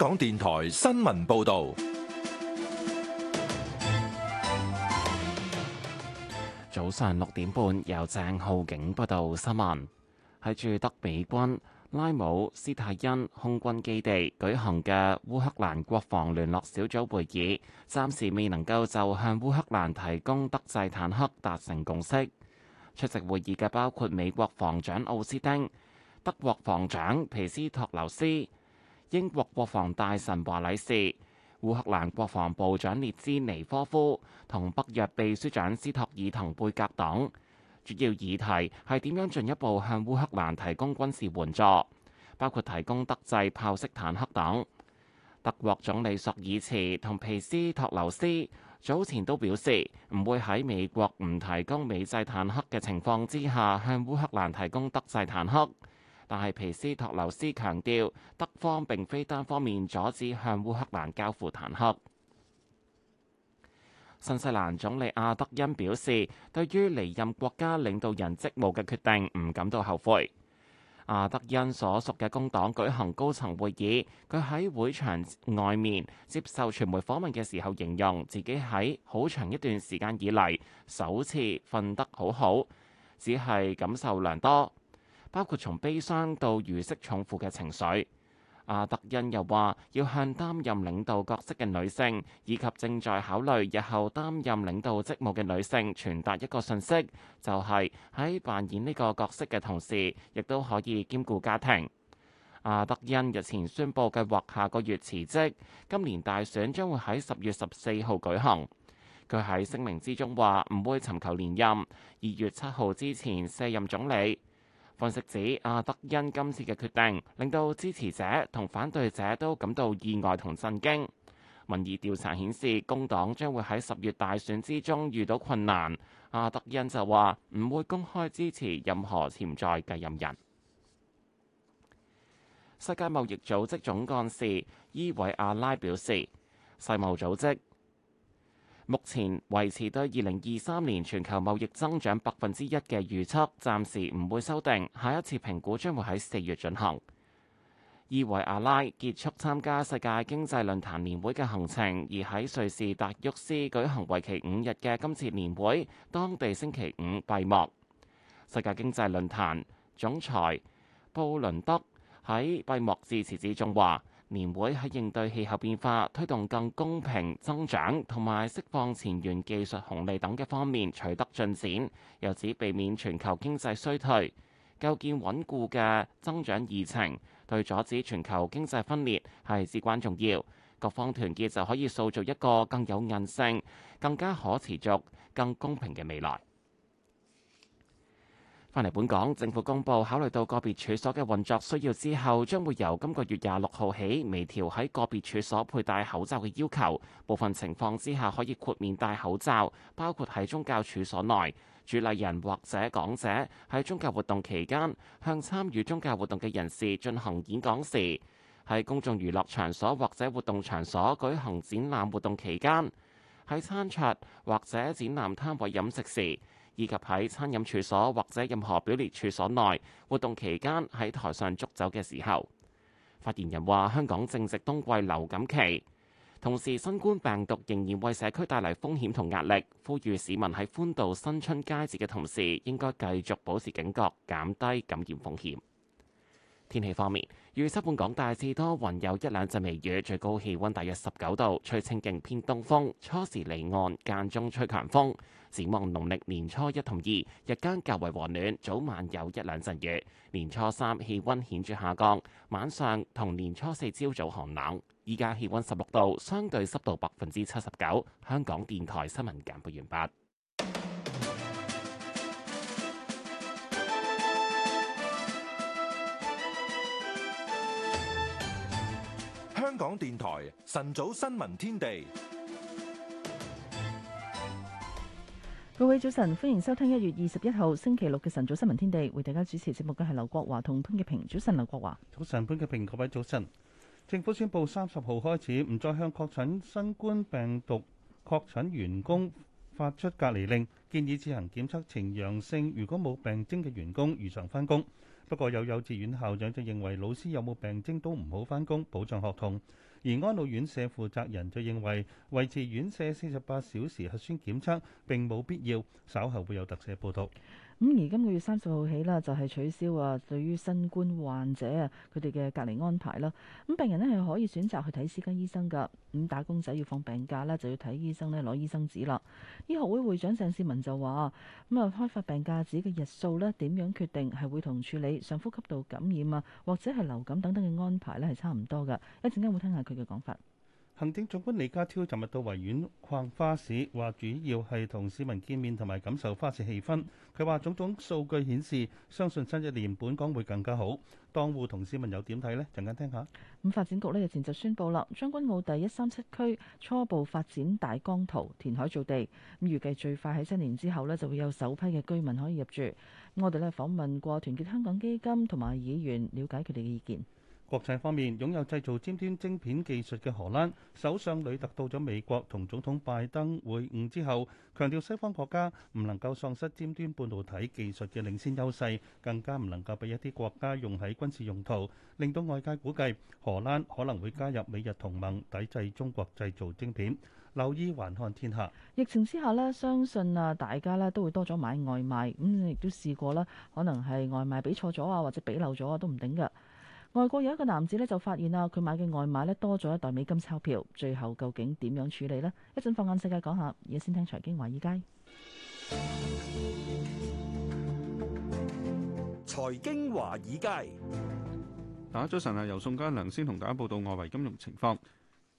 港電台新聞報道，早上六點半由鄭浩景報道新聞。喺駐德美軍拉姆斯泰因空軍基地舉行嘅烏克蘭國防聯絡小組會議，暫時未能夠就向烏克蘭提供德製坦克達成共識。出席會議嘅包括美國防長奧斯汀、德國防長皮斯托留斯。英國國防大臣華禮士、烏克蘭國防部長列茲尼科夫同北約秘書長斯托爾滕貝格等，主要議題係點樣進一步向烏克蘭提供軍事援助，包括提供德製豹式坦克等。德國總理索爾茨同皮斯托留斯早前都表示，唔會喺美國唔提供美製坦克嘅情況之下，向烏克蘭提供德製坦克。但係，皮斯托留斯強調，德方並非單方面阻止向烏克蘭交付坦克。新西蘭總理阿德恩表示，對於離任國家領導人職務嘅決定，唔感到後悔。阿德恩所屬嘅工黨舉行高層會議，佢喺會場外面接受傳媒訪問嘅時候，形容自己喺好長一段時間以嚟首次瞓得好好，只係感受良多。包括從悲傷到如釋重負嘅情緒。阿特恩又話：要向擔任領導角色嘅女性以及正在考慮日後擔任領導職務嘅女性傳達一個信息，就係喺扮演呢個角色嘅同時，亦都可以兼顧家庭。阿特恩日前宣布計劃下個月辭職，今年大選將會喺十月十四號舉行。佢喺聲明之中話：唔會尋求連任，二月七號之前卸任總理。分析指，阿德恩今次嘅決定令到支持者同反對者都感到意外同震驚，民意調查顯示，工黨將會喺十月大選之中遇到困難，阿德恩就話唔會公開支持任何潛在繼任人。世界貿易組織總幹事伊偉阿拉表示，世貿組織。目前維持對二零二三年全球貿易增長百分之一嘅預測，暫時唔會修訂，下一次評估將會喺四月進行。伊維亞拉結束參加世界經濟論壇年會嘅行程，而喺瑞士達沃斯舉行為期五日嘅今次年會，當地星期五閉幕。世界經濟論壇總裁布倫德喺閉幕致辭之中話，年會喺應對氣候變化、推動更公平增長同埋釋放前沿技術紅利等嘅方面取得進展，又指避免全球經濟衰退、構建穩固嘅增長議程，對阻止全球經濟分裂係至關重要。各方團結就可以塑造一個更有韌性、更加可持續、更公平嘅未來。返嚟本港，政府公布考慮到個別處所嘅運作需要之後，將會由今個月廿六號起微調喺個別處所佩戴口罩嘅要求，部分情況之下可以豁免戴口罩，包括喺宗教處所內，主禮人或者講者喺宗教活動期間向參與宗教活動嘅人士進行演講時，喺公眾娛樂場所或者活動場所舉行展覽活動期間，喺餐桌或者展覽攤位飲食時。以及喺餐飲處所或者任何表列處所內活動期間，喺台上捉走嘅時候。發言人話：香港正值冬季流感期，同時新冠病毒仍然為社區帶嚟風險同壓力，呼籲市民喺歡度新春佳節嘅同時，應該繼續保持警覺，減低感染風險。天氣方面，預測本港大致多雲，有一兩陣微雨，最高氣温大約十九度，吹清勁偏東風，初時離岸，間中吹強風。展望農曆年初一同二，日間較為和暖，早晚有一兩陣雨。年初三氣温顯著下降，晚上同年初四朝早寒冷。依家氣温十六度，相對濕度百分之七十九。香港電台新聞簡報完畢。香港電台晨早新聞天地。各位早晨，歡迎收聽一月二十一號星期六嘅晨早新聞天地，為大家主持節目嘅係劉國華同潘潔平。早晨，劉國華。早晨，潘潔平。各位早晨。政府宣布三十號開始唔再向確診新冠病毒確診員，員工發出隔離令，建議自行檢測呈陽性如果冇病徵嘅員工，如常返工。不過有幼稚園校長就認為老師有冇病徵都唔好返工，保障學童。而安老院舍負責人就認為維持院舍四十八小時核酸檢測並冇必要，稍後會有特寫報道。咁而今個月三十號起啦，就係取消啊，對於新冠患者啊，佢哋嘅隔離安排啦。咁病人咧係可以選擇去睇私家醫生噶。咁打工仔要放病假咧，就要睇醫生咧攞醫生紙啦。醫學會會長鄭思文就話，咁啊，開發病假紙嘅日數咧，點樣決定係會同處理上呼吸道感染啊，或者係流感等等嘅安排咧，係差唔多噶。一陣間會聽下佢嘅講法。行政長官李家超尋日到維園逛花市，話主要係同市民見面同埋感受花市氣氛。佢話：種種數據顯示，相信新一年本港會更加好。當戶同市民又點睇呢？陣間聽下。咁發展局咧日前就宣布啦，將軍澳第一三七區初步發展大綱圖填海造地，咁預計最快喺新年之後呢，就會有首批嘅居民可以入住。我哋咧訪問過團結香港基金同埋議員，了解佢哋嘅意見。國際方面，擁有製造尖端晶片技術嘅荷蘭首相呂特到咗美國同總統拜登會晤之後，強調西方國家唔能夠喪失尖端半導體技術嘅領先優勢，更加唔能夠俾一啲國家用喺軍事用途，令到外界估計荷蘭可能會加入美日同盟，抵制中國製造晶片。留意還看天下。疫情之下呢，相信啊大家呢都會多咗買外賣，咁亦都試過啦，可能係外賣俾錯咗啊，或者俾漏咗啊，都唔定噶。外國有一個男子咧就發現啊，佢買嘅外賣咧多咗一袋美金鈔票，最後究竟點樣處理咧？一陣放眼世界講下，而家先聽財經華爾街。財經華爾街，大家早晨啊！由宋家良先同大家報道外圍金融情況。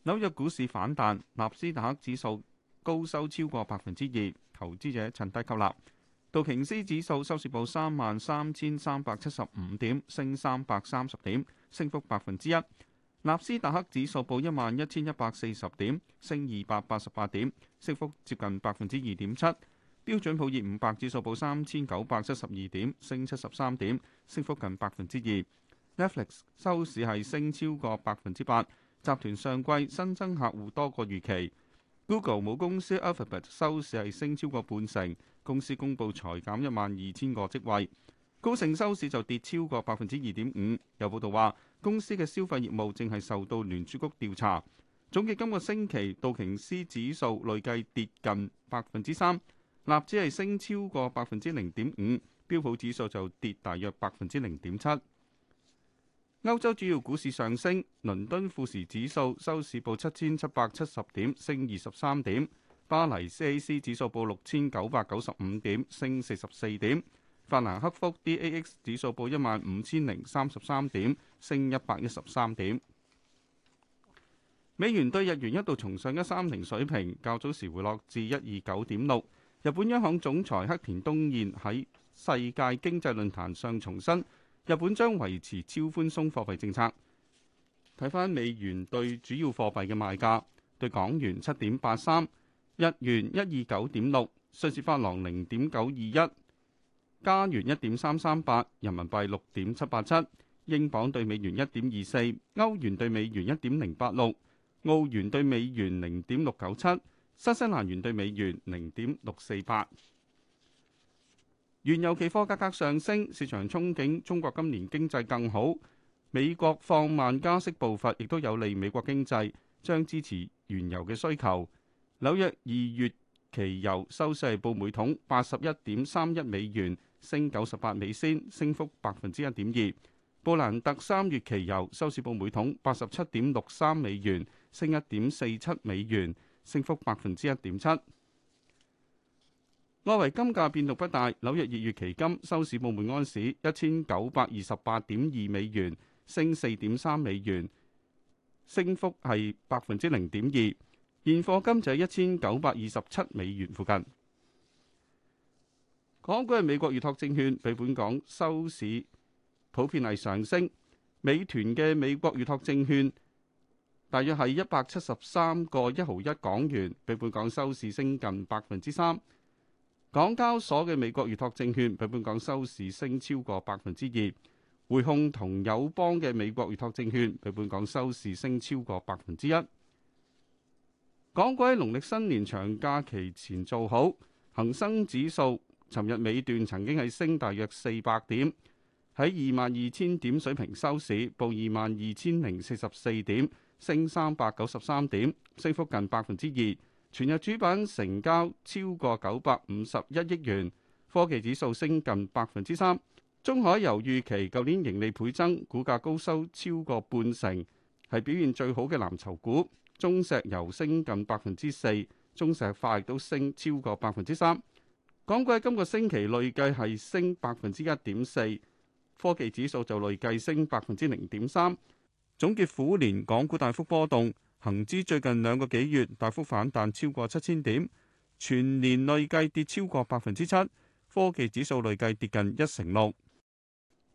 紐約股市反彈，納斯達克指數高收超過百分之二，投資者趁低吸納。道瓊斯指數收市報三萬三千三百七十五點，升三百三十點，升幅百分之一。納斯達克指數報一萬一千一百四十點，升二百八十八點，升幅接近百分之二點七。標準普爾五百指數報三千九百七十二點，升七十三點，升幅近百分之二。Netflix 收市係升超過百分之八，集團上季新增客戶多過預期。Google 母公司 Alphabet 收市係升超過半成。公司公布裁減一萬二千個職位，高盛收市就跌超過百分之二點五。有報道話，公司嘅消費業務正係受到聯儲局調查。總結今個星期道瓊斯指數累計跌近百分之三，納指係升超過百分之零點五，標普指數就跌大約百分之零點七。歐洲主要股市上升，倫敦富時指數收市報七千七百七十點，升二十三點。巴黎 CAC 指數報六千九百九十五點，升四十四點。法蘭克福 DAX 指數報一萬五千零三十三點，升一百一十三點。美元對日元一度重上一三零水平，較早時回落至一二九點六。日本央行總裁黑田東現彥喺世界經濟論壇上重申，日本將維持超寬鬆貨幣政策。睇翻美元對主要貨幣嘅賣價，對港元七點八三。日元一二九點六，瑞士法郎零點九二一，加元一點三三八，人民幣六點七八七，英鎊兌美元一點二四，歐元兌美元一點零八六，澳元兌美元零點六九七，新西蘭元兌美元零點六四八。原油期貨價格上升，市場憧憬中國今年經濟更好，美國放慢加息步伐，亦都有利美國經濟，將支持原油嘅需求。紐約二月期油收市報每桶八十一點三一美元，升九十八美仙，升幅百分之一點二。布蘭特三月期油收市報每桶八十七點六三美元，升一點四七美元，升幅百分之一點七。外圍金價變動不大，紐約二月期金收市報每安士一千九百二十八點二美元，升四點三美元，升幅係百分之零點二。現貨金就係一千九百二十七美元附近。港股嘅美國預託證券，比本港收市普遍係上升。美團嘅美國預託證券大約係一百七十三個一毫一港元，比本港收市升近百分之三。港交所嘅美國預託證券比本港收市升超過百分之二。匯控同友邦嘅美國預託證券比本港收市升超過百分之一。港股喺農曆新年長假期前做好，恒生指數尋日尾段曾經係升大約四百點，喺二萬二千點水平收市，報二萬二千零四十四點，升三百九十三點，升幅近百分之二。全日主板成交超過九百五十一億元，科技指數升近百分之三。中海油預期舊年盈利倍增，股價高收超過半成，係表現最好嘅藍籌股。中石油升近百分之四，中石化亦都升超過百分之三。港股今個星期累計係升百分之一點四，科技指數就累計升百分之零點三。總結虎年港股大幅波動，恒指最近兩個幾月大幅反彈超過七千點，全年累計跌超過百分之七，科技指數累計跌近一成六。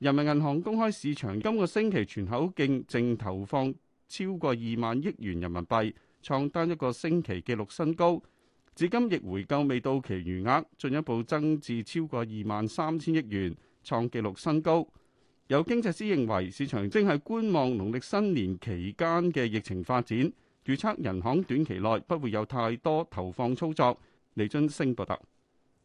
人民銀行公開市場今個星期全口徑淨投放。超過二萬億元人民幣，創單一個星期紀錄新高。至今逆回購未到期餘額進一步增至超過二萬三千億元，創紀錄新高。有經濟師認為，市場正係觀望農曆新年期間嘅疫情發展，預測人行短期內不會有太多投放操作。李津升報道，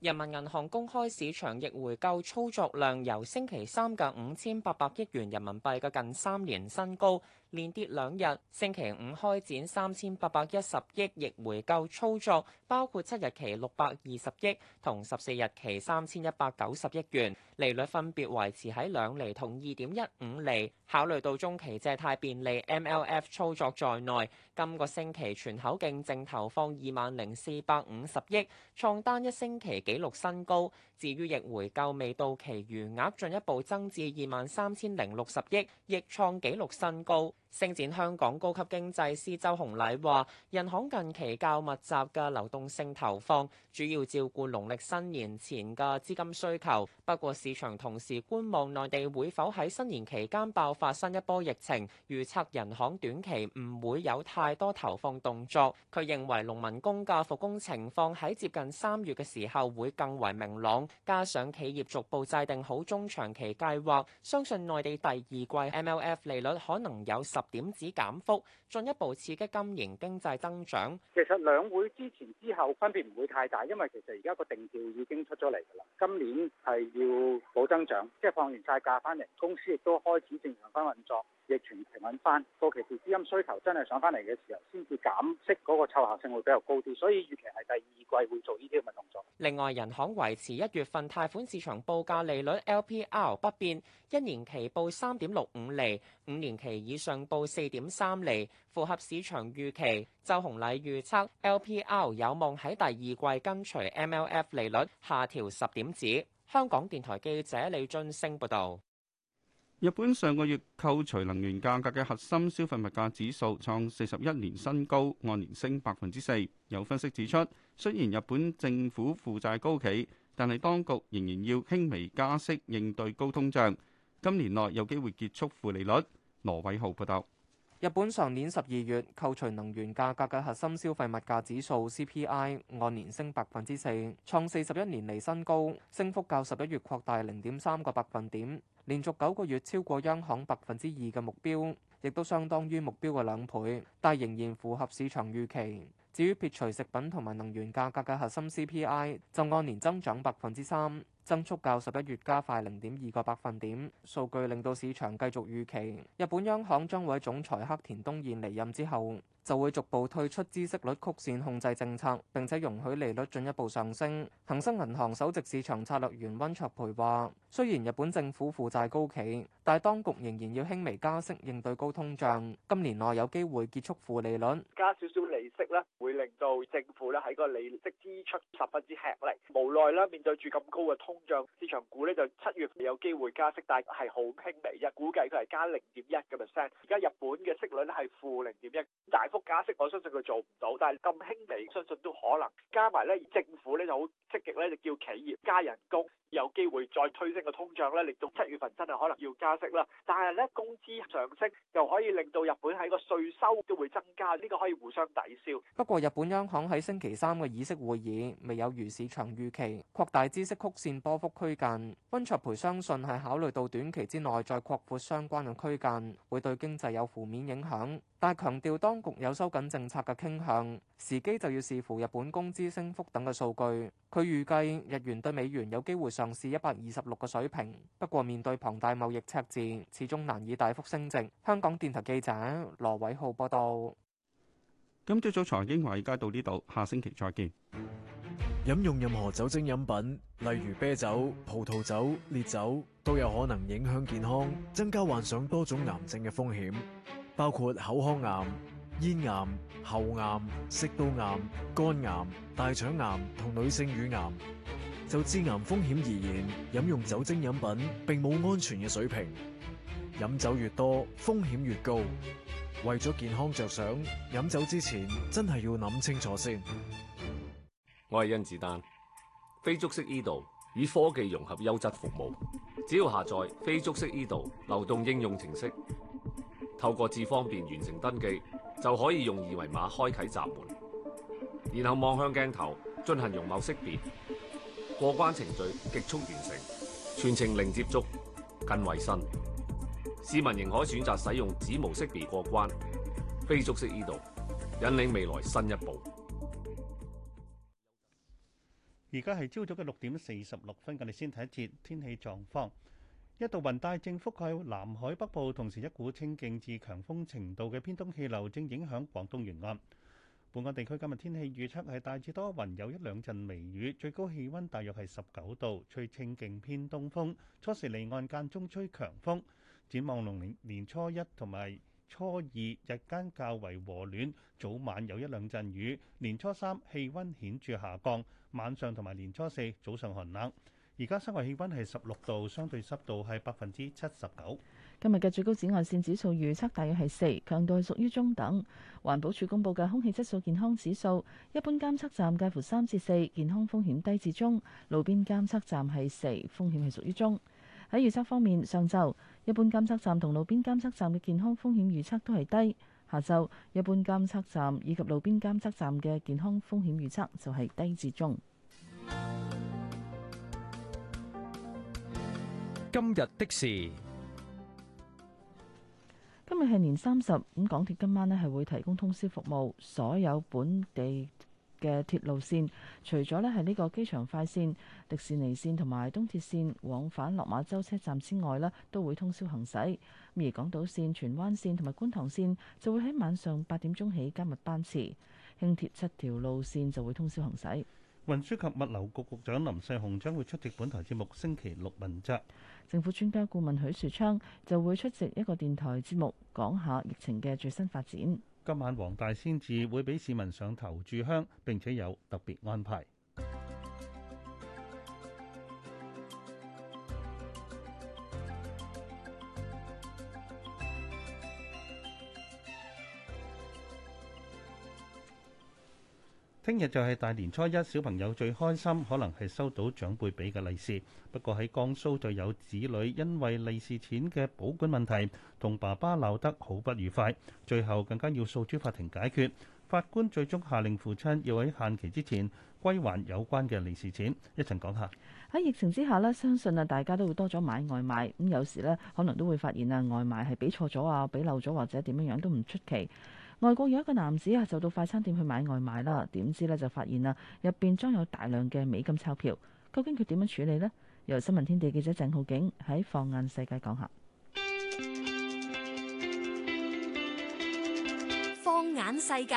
人民銀行公開市場逆回購操作量由星期三嘅五千八百億元人民幣嘅近三年新高。連跌兩日，星期五開展三千八百一十億逆回購操作，包括七日期六百二十億同十四日期三千一百九十億元，利率分別維持喺兩厘同二點一五厘。考慮到中期借貸便利 MLF 操作在內，今個星期全口徑淨投放二萬零四百五十億，創單一星期紀錄新高。至於逆回購未到期餘額進一步增至二萬三千零六十億，亦創紀錄新高。星展香港高級經濟師周洪禮話：人行近期較密集嘅流動性投放，主要照顧農曆新年前嘅資金需求。不過市場同時觀望內地會否喺新年期間爆發新一波疫情，預測人行短期唔會有太多投放動作。佢認為農民工嘅復工情況喺接近三月嘅時候會更為明朗，加上企業逐步制定好中長期計劃，相信內地第二季 MLF 利率可能有十。點止減幅，進一步刺激金融經濟增長。其實兩會之前之後分別唔會太大，因為其實而家個定調已經出咗嚟噶啦。今年係要保增長，即係放完晒假翻嚟，公司亦都開始正常翻運作，疫情平穩翻，個期時資金需求真係上翻嚟嘅時候，先至減息嗰個湊合性會比較高啲。所以預期係第二季會做呢啲咁嘅動作。另外，人行維持一月份貸款市場報價利率 LPR 不變，一年期報三點六五厘，五年期以上。報四點三厘，符合市場預期。周紅禮預測，LPR 有望喺第二季跟隨 MLF 利率下調十點子。香港電台記者李俊升報道。日本上個月扣除能源價格嘅核心消費物價指數創四十一年新高，按年升百分之四。有分析指出，雖然日本政府負債高企，但係當局仍然要輕微加息應對高通脹，今年內有機會結束負利率。羅偉浩報道：日本上年十二月扣除能源價格嘅核心消費物價指數 CPI 按年升百分之四，創四十一年嚟新高，升幅較十一月擴大零點三個百分點，連續九個月超過央行百分之二嘅目標，亦都相當於目標嘅兩倍，但仍然符合市場預期。至於撇除食品同埋能源價格嘅核心 CPI，就按年增長百分之三。增速較十一月加快零點二個百分點，數據令到市場繼續預期日本央行將會喺總裁黑田東彥離任之後，就會逐步退出孳息率曲線控制政策，並且容許利率進一步上升。恒生銀行首席市場策略員温卓培話：雖然日本政府負債高企，但係當局仍然要輕微加息應對高通脹。今年內有機會結束負利率，加少少利息咧，會令到政府咧喺個利息支出十分之吃力。無奈啦，面對住咁高嘅通脹，市場股咧就七月係有機會加息，但係係好輕微啫，估計佢係加零點一個 percent。而家日本嘅息率咧係負零點一，大幅加息，我相信佢做唔到，但係咁輕微，相信都可能。加埋咧，政府咧就好積極咧，就叫企業加人工，有機會再推升個通脹咧。嚟到七月份真係可能要加息啦。但係咧，工資上升又可以令到日本喺個稅收都會增加，呢個可以互相抵消。不過，日本央行喺星期三嘅議息會議未有如市場預期擴大知識曲線波幅區間。溫卓培相信係考慮到短期之內再擴闊相關嘅區間，會對經濟有負面影響。但係強調當局有收緊政策嘅傾向，時機就要視乎日本工資升幅等嘅數據。佢預計日元對美元有機會上試一百二十六嘅水平，不過面對龐大貿易赤字，始終難以大幅升值。香港電台記者羅偉浩報道。今朝早財經華爾街到呢度，下星期再見。飲用任何酒精飲品，例如啤酒、葡萄酒、烈酒，都有可能影響健康，增加患上多種癌症嘅風險。包括口腔癌、咽癌、喉癌、食道癌、肝癌、大腸癌同女性乳癌。就致癌風險而言，飲用酒精飲品並冇安全嘅水平，飲酒越多風險越高。為咗健康着想，飲酒之前真係要諗清楚先。我係甄子丹，非足式醫療以科技融合優質服務，只要下載非足式醫療流動應用程式。透過智方便完成登記，就可以用二維碼開啟閘門，然後望向鏡頭進行容貌識別，過關程序極速完成，全程零接觸，更衞生。市民仍可選擇使用指模識別過關，非足識依度，引領未來新一步。而家係朝早嘅六點四十六分，我哋先睇一節天氣狀況。一道雲帶正覆蓋南海北部，同時一股清勁至強風程度嘅偏東氣流正影響廣東沿岸。本港地區今日天，天氣預測係大致多雲，有一兩陣微雨，最高氣温大約係十九度，吹清勁偏東風，初時離岸間中吹強風。展望龍年年初一同埋初二日間較為和暖，早晚有一兩陣雨。年初三氣温顯著下降，晚上同埋年初四早上寒冷。而家室外氣溫係十六度，相對濕度係百分之七十九。今日嘅最高紫外線指數預測大約係四，強度係屬於中等。環保署公布嘅空氣質素健康指數，一般監測站介乎三至四，健康風險低至中；路邊監測站係四，風險係屬於中。喺預測方面，上晝一般監測站同路邊監測站嘅健康風險預測都係低。下晝一般監測站以及路邊監測站嘅健康風險預測就係低至中。今日的事，今日係年三十，咁港鐵今晚咧係會提供通宵服務，所有本地嘅鐵路綫，除咗咧係呢個機場快綫、迪士尼綫同埋東鐵綫往返落馬洲車站之外咧，都會通宵行駛。而港島綫、荃灣綫同埋觀塘綫就會喺晚上八點鐘起加密班次，輕鐵七條路綫就會通宵行駛。運輸及物流局局長林世雄將會出席本台節目星期六問責。政府專家顧問許樹昌就會出席一個電台節目，講下疫情嘅最新發展。今晚黃大仙祠會俾市民上頭炷香，並且有特別安排。聽日就係大年初一，小朋友最開心，可能係收到長輩俾嘅利是。不過喺江蘇就有子女因為利是錢嘅保管問題，同爸爸鬧得好不愉快，最後更加要訴諸法庭解決。法官最終下令父親要喺限期之前歸還有關嘅利是錢。一陣講下。喺疫情之下咧，相信啊大家都會多咗買外賣咁，有時咧可能都會發現啊外賣係俾錯咗啊，俾漏咗或者點樣樣都唔出奇。外國有一個男子啊，就到快餐店去買外賣啦，點知咧就發現啦，入邊裝有大量嘅美金鈔票，究竟佢點樣處理呢？由新聞天地記者鄭浩景喺《放眼世界》講下，《放眼世界》。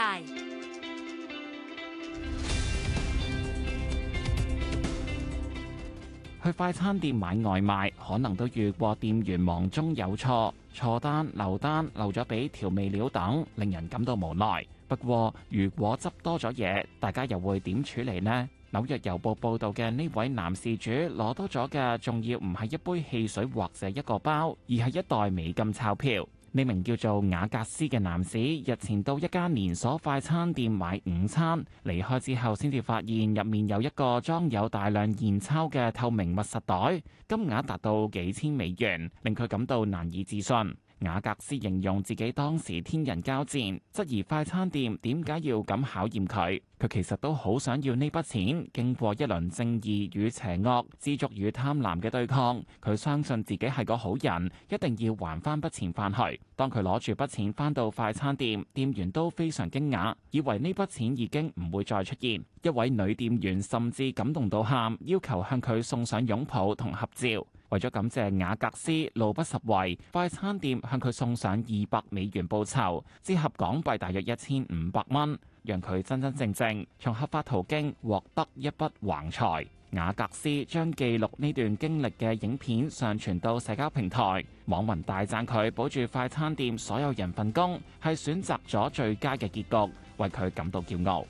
去快餐店買外賣，可能都遇過店員忙中有錯，錯單、漏單、漏咗俾調味料等，令人感到無奈。不過，如果執多咗嘢，大家又會點處理呢？紐約郵報報導嘅呢位男事主攞多咗嘅，仲要唔係一杯汽水或者一個包，而係一袋美金鈔票。呢名叫做雅格斯嘅男士日前到一間連鎖快餐店買午餐，離開之後先至發現入面有一個裝有大量現鈔嘅透明密實袋，金額達到幾千美元，令佢感到難以置信。雅格斯形容自己當時天人交戰，質疑快餐店點解要咁考驗佢。佢其實都好想要呢筆錢，經過一輪正義與邪惡、知足與貪婪嘅對抗，佢相信自己係個好人，一定要還翻筆錢翻去。當佢攞住筆錢翻到快餐店，店員都非常驚訝，以為呢筆錢已經唔會再出現。一位女店員甚至感動到喊，要求向佢送上擁抱同合照。為咗感謝雅格斯路不拾遺，快餐店向佢送上二百美元報酬，折合港幣大約一千五百蚊，讓佢真真正正從合法途徑獲得一筆橫財。雅格斯將記錄呢段經歷嘅影片上傳到社交平台，網民大讚佢保住快餐店所有人份工，係選擇咗最佳嘅結局，為佢感到驕傲。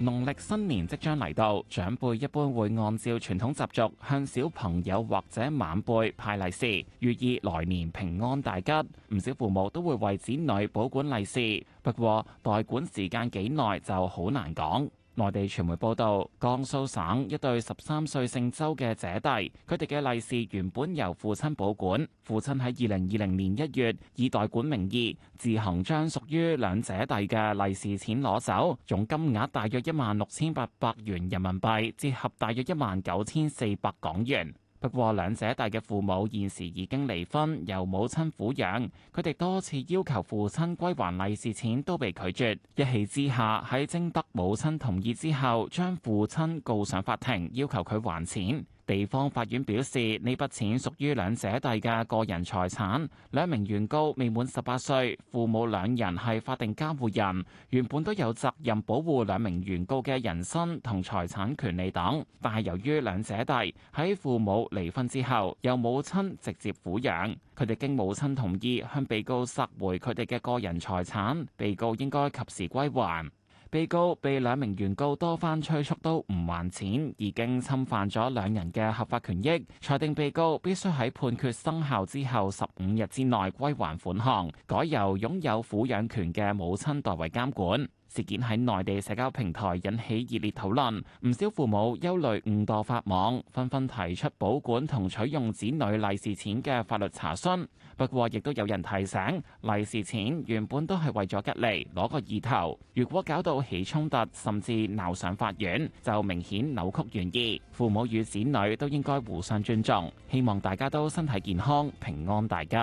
農曆新年即將嚟到，長輩一般會按照傳統習俗向小朋友或者晚輩派利是，寓意來年平安大吉。唔少父母都會為子女保管利是，不過代管時間幾耐就好難講。內地傳媒報道，江蘇省一對十三歲姓周嘅姐弟，佢哋嘅利是原本由父親保管，父親喺二零二零年一月以代管名義自行將屬於兩姐弟嘅利是錢攞走，總金額大約一萬六千八百元人民幣，折合大約一萬九千四百港元。不過，兩者大嘅父母現時已經離婚，由母親撫養。佢哋多次要求父親歸還利是錢都被拒絕，一氣之下喺徵得母親同意之後，將父親告上法庭，要求佢還錢。地方法院表示，呢筆錢屬於兩姐弟嘅個人財產，兩名原告未滿十八歲，父母兩人係法定監護人，原本都有責任保護兩名原告嘅人身同財產權利等。但係由於兩姐弟喺父母離婚之後由母親直接撫養，佢哋經母親同意向被告索回佢哋嘅個人財產，被告應該及時歸還。被告被兩名原告多番催促都唔還錢，已經侵犯咗兩人嘅合法權益。裁定被告必須喺判決生效之後十五日之內歸還款項，改由擁有撫養權嘅母親代為監管。事件喺內地社交平台引起熱烈討論，唔少父母憂慮誤墮法網，紛紛提出保管同取用子女利是錢嘅法律查詢。不過，亦都有人提醒，利是錢原本都係為咗吉利，攞個意頭。如果搞到起衝突，甚至鬧上法院，就明顯扭曲原意。父母與子女都應該互相尊重，希望大家都身體健康，平安大吉。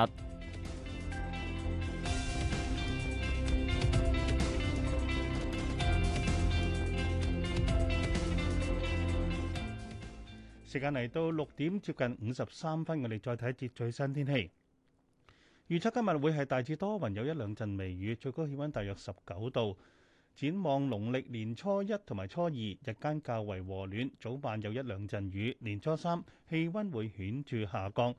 時間嚟到六點，接近五十三分，我哋再睇一節最新天氣預測。今日會係大致多雲，雲有一兩陣微雨，最高氣溫大約十九度。展望農曆年初一同埋初二，日間較為和暖，早晚有一兩陣雨。年初三氣溫會顯著下降，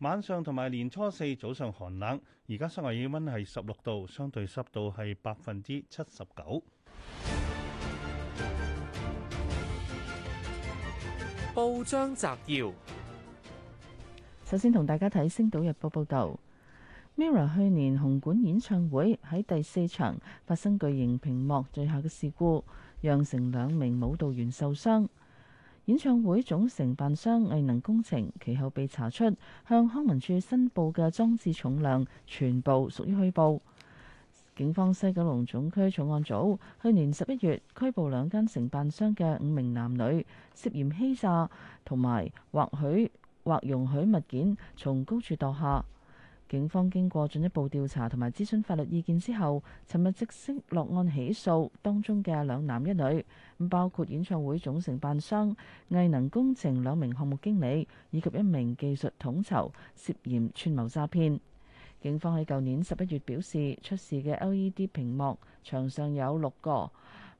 晚上同埋年初四早上寒冷。而家室外氣溫係十六度，相對濕度係百分之七十九。報章摘要：首先同大家睇《星島日報》報道，Mira 去年紅館演唱會喺第四場，發生巨型屏幕墜下嘅事故，釀成兩名舞蹈員受傷。演唱會總承辦商藝能工程，其後被查出向康文署申報嘅裝置重量全部屬於虛報。警方西九龍總區重案組去年十一月拘捕兩間承辦商嘅五名男女，涉嫌欺詐同埋或許或容許物件從高處墮下。警方經過進一步調查同埋諮詢法律意見之後，尋日即刻落案起訴當中嘅兩男一女，包括演唱會總承辦商藝能工程兩名項目經理以及一名技術統籌，涉嫌串謀詐騙。警方喺舊年十一月表示，出事嘅 LED 屏幕牆上有六個，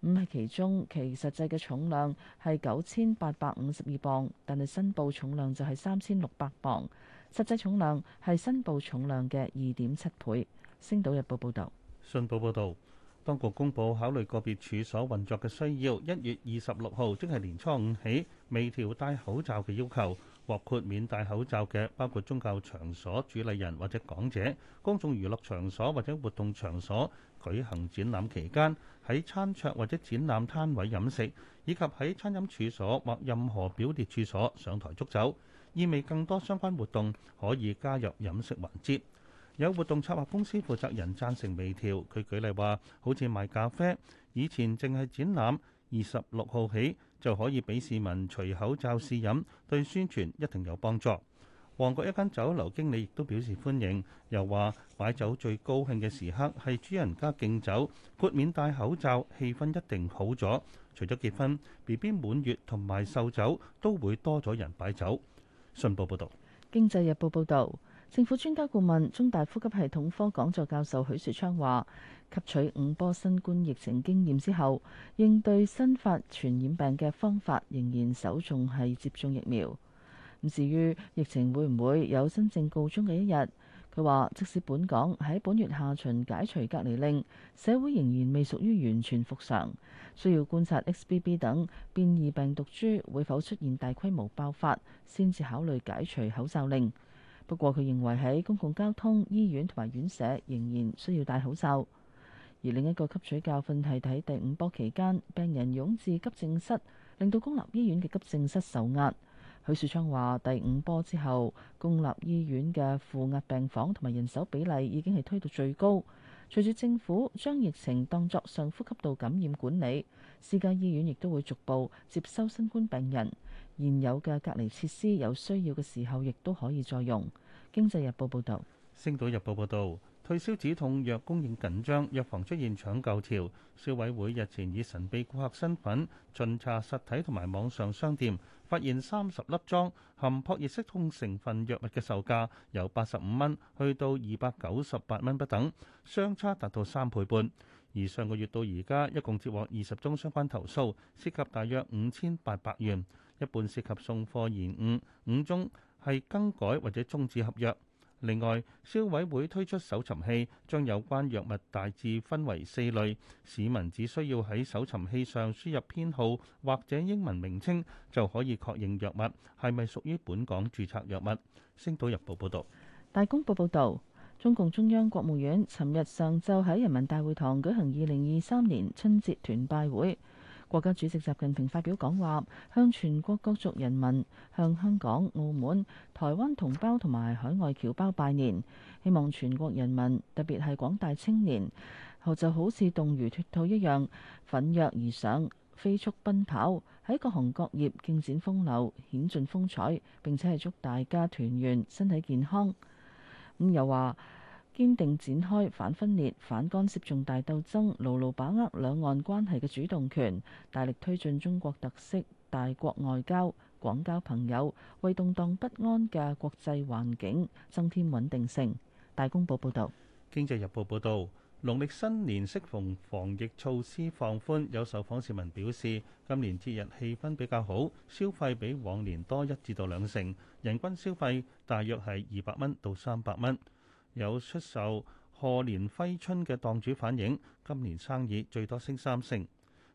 咁係其中其實際嘅重量係九千八百五十二磅，但係申報重量就係三千六百磅，實際重量係申報重量嘅二點七倍。星島日報報道。信報報道，當局公佈考慮個別處所運作嘅需要，一月二十六號即係年初五起，未調戴口罩嘅要求。獲豁免戴口罩嘅包括宗教場所主禮人或者講者，公眾娛樂場所或者活動場所舉行展覽期間喺餐桌或者展覽攤位飲食，以及喺餐飲處所或任何表列處所上台祝酒，意味更多相關活動可以加入飲食環節。有活動策劃公司負責人贊成微調，佢舉例話，好似賣咖啡，以前淨係展覽二十六號起。就可以俾市民除口罩試飲，對宣傳一定有幫助。旺角一間酒樓經理亦都表示歡迎，又話擺酒最高興嘅時刻係主人家敬酒，豁免戴口罩，氣氛一定好咗。除咗結婚、BB 滿月同埋壽酒，都會多咗人擺酒。信報報道：《經濟日報》報道。政府專家顧問、中大呼吸系統科講座教授許樹昌話：吸取五波新冠疫情經驗之後，應對新發傳染病嘅方法仍然首重係接種疫苗。咁至於疫情會唔會有真正告終嘅一日，佢話即使本港喺本月下旬解除隔離令，社會仍然未屬於完全復常，需要觀察 XBB 等變異病毒株會否出現大規模爆發，先至考慮解除口罩令。不過佢認為喺公共交通、醫院同埋院舍仍然需要戴口罩。而另一個吸取教訓係喺第五波期間，病人湧至急症室，令到公立醫院嘅急症室受壓。許樹昌話：第五波之後，公立醫院嘅負壓病房同埋人手比例已經係推到最高。隨住政府將疫情當作上呼吸道感染管理，私家醫院亦都會逐步接收新冠病人。現有嘅隔離設施，有需要嘅時候，亦都可以再用。經濟日報報道，星島日報報道，退燒止痛藥供應緊張，藥房出現搶購潮。消委會日前以神秘顧客身份巡查實體同埋網上商店，發現三十粒裝含撲熱息痛成分藥物嘅售價由八十五蚊去到二百九十八蚊不等，相差達到三倍半。而上個月到而家一共接獲二十宗相關投訴，涉及大約五千八百元。一半涉及送貨延誤，五宗係更改或者終止合約。另外，消委會推出搜尋器，將有關藥物大致分為四類，市民只需要喺搜尋器上輸入編號或者英文名稱，就可以確認藥物係咪屬於本港註冊藥物。星島日報報道。大公報報道，中共中央國務院尋日上晝喺人民大會堂舉行二零二三年春節團拜會。國家主席習近平發表講話，向全國各族人民、向香港、澳門、台灣同胞同埋海外僑胞拜年，希望全國人民特別係廣大青年後就好似動如脫兔一樣奮躍而上，飛速奔跑，喺各行各業競展風流，顯盡風采。並且係祝大家團圓，身體健康。咁、嗯、又話。堅定展開反分裂、反干涉重大鬥爭，牢牢把握兩岸關係嘅主動權，大力推進中國特色大國外交，廣交朋友，為動盪不安嘅國際環境增添穩定性。大公報報導，《經濟日報》報導，農曆新年適逢防疫措施放寬，有受訪市民表示，今年節日氣氛比較好，消費比往年多一至到兩成，人均消費大約係二百蚊到三百蚊。有出售賀年輝春嘅檔主反映，今年生意最多升三成。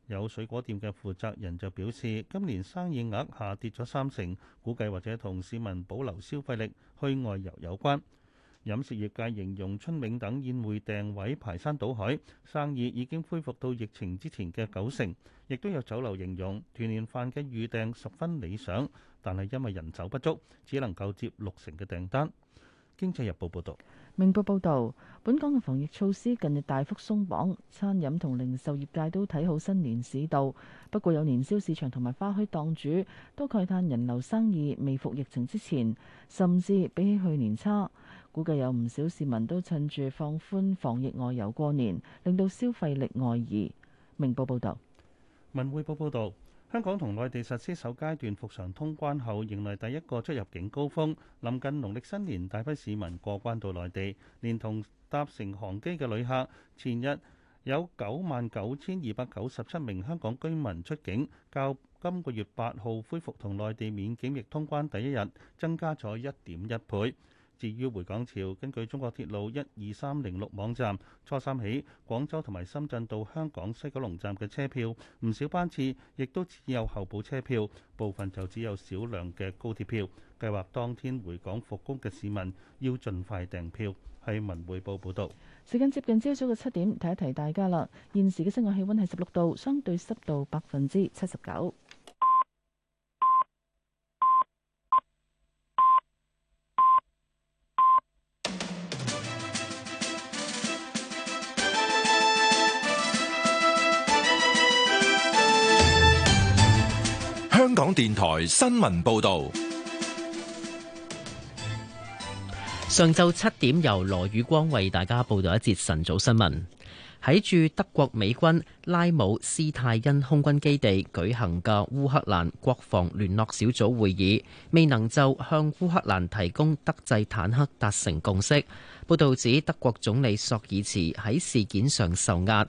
有水果店嘅負責人就表示，今年生意額下跌咗三成，估計或者同市民保留消費力去外遊有關。飲食業界形容春茗等宴會訂位排山倒海，生意已經恢復到疫情之前嘅九成。亦都有酒樓形容團年飯嘅預訂十分理想，但係因為人手不足，只能夠接六成嘅訂單。經濟日報報道，明報報道，本港嘅防疫措施近日大幅鬆綁，餐飲同零售業界都睇好新年市道。不過有年宵市場同埋花墟檔主都慨嘆人流生意未復疫情之前，甚至比起去年差。估計有唔少市民都趁住放寬防疫外遊過年，令到消費力外移。明報報道，文匯報報道。香港同內地實施首階段復常通關後，迎來第一個出入境高峰。臨近農曆新年，大批市民過關到內地，連同搭乘航機嘅旅客，前日有九萬九千二百九十七名香港居民出境，較今個月八號恢復同內地免檢疫通關第一日增加咗一點一倍。至於回港潮，根據中國鐵路一二三零六網站，初三起，廣州同埋深圳到香港西九龍站嘅車票，唔少班次亦都只有候補車票，部分就只有少量嘅高鐵票。計劃當天回港復工嘅市民，要盡快訂票。係文匯報報道，時間接近朝早嘅七點，提一提大家啦。現時嘅室外氣溫係十六度，相對濕度百分之七十九。港電台新聞報道：上晝七點，由羅宇光為大家報道一節晨早新聞。喺駐德國美軍拉姆斯泰因空軍基地舉行嘅烏克蘭國防聯絡小組會議，未能就向烏克蘭提供德製坦克達成共識。報道指德國總理朔爾茨喺事件上受壓，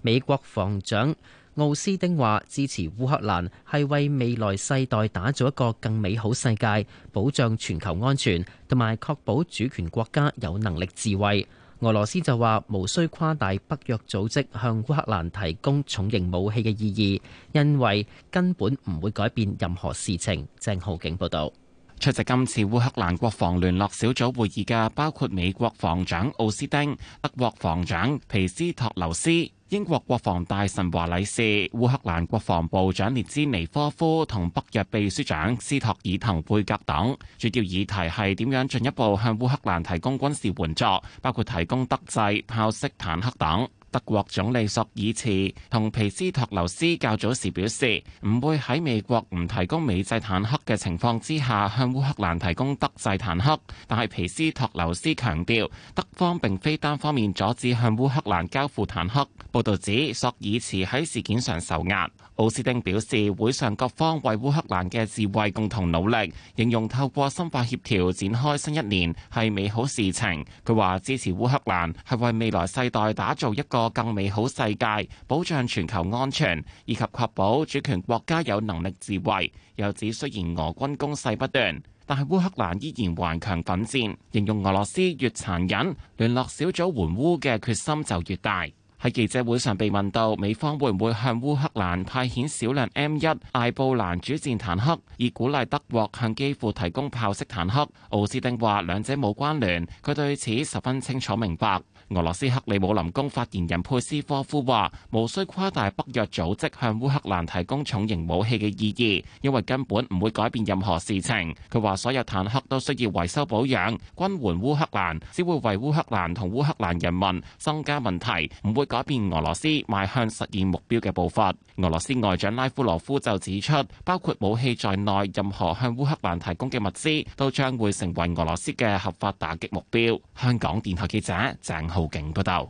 美國防長。奧斯丁話支持烏克蘭係為未來世代打造一個更美好世界，保障全球安全同埋確保主權國家有能力自衛。俄羅斯就話無需誇大北約組織向烏克蘭提供重型武器嘅意義，因為根本唔會改變任何事情。鄭浩景報道。出席今次烏克蘭國防聯絡小組會議嘅包括美國防長奧斯汀、德國防長皮斯托留斯、英國國防大臣華禮士、烏克蘭國防部長列茲尼科夫同北約秘書長斯托爾滕貝格等。主要議題係點樣進一步向烏克蘭提供軍事援助，包括提供德製豹式坦克等。德國總理索爾茨同皮斯托留斯較早時表示，唔會喺美國唔提供美製坦克嘅情況之下，向烏克蘭提供德製坦克。但係皮斯托留斯強調，德方並非單方面阻止向烏克蘭交付坦克。報道指，索爾茨喺事件上受壓。奧斯丁表示，會上各方為烏克蘭嘅自衛共同努力，形容透過深化協調展開新一年係美好事情。佢話支持烏克蘭係為未來世代打造一個。更美好世界，保障全球安全，以及確保主權國家有能力自衛。又指雖然俄軍攻勢不斷，但係烏克蘭依然頑強奮戰。形容俄羅斯越殘忍，聯絡小組援烏嘅決心就越大。喺記者會上被問到美方會唔會向烏克蘭派遣少量 M 一艾布蘭主戰坦克，以鼓勵德國向基輔提供豹式坦克，奧斯汀話兩者冇關聯，佢對此十分清楚明白。俄羅斯克里姆林宮發言人佩斯科夫話：無需誇大北約組織向烏克蘭提供重型武器嘅意義，因為根本唔會改變任何事情。佢話所有坦克都需要維修保養，軍援烏克蘭只會為烏克蘭同烏克蘭人民增加問題，唔會改變俄羅斯邁向實現目標嘅步伐。俄羅斯外長拉夫羅夫就指出，包括武器在內任何向烏克蘭提供嘅物資，都將會成為俄羅斯嘅合法打擊目標。香港電台記者鄭浩景報道，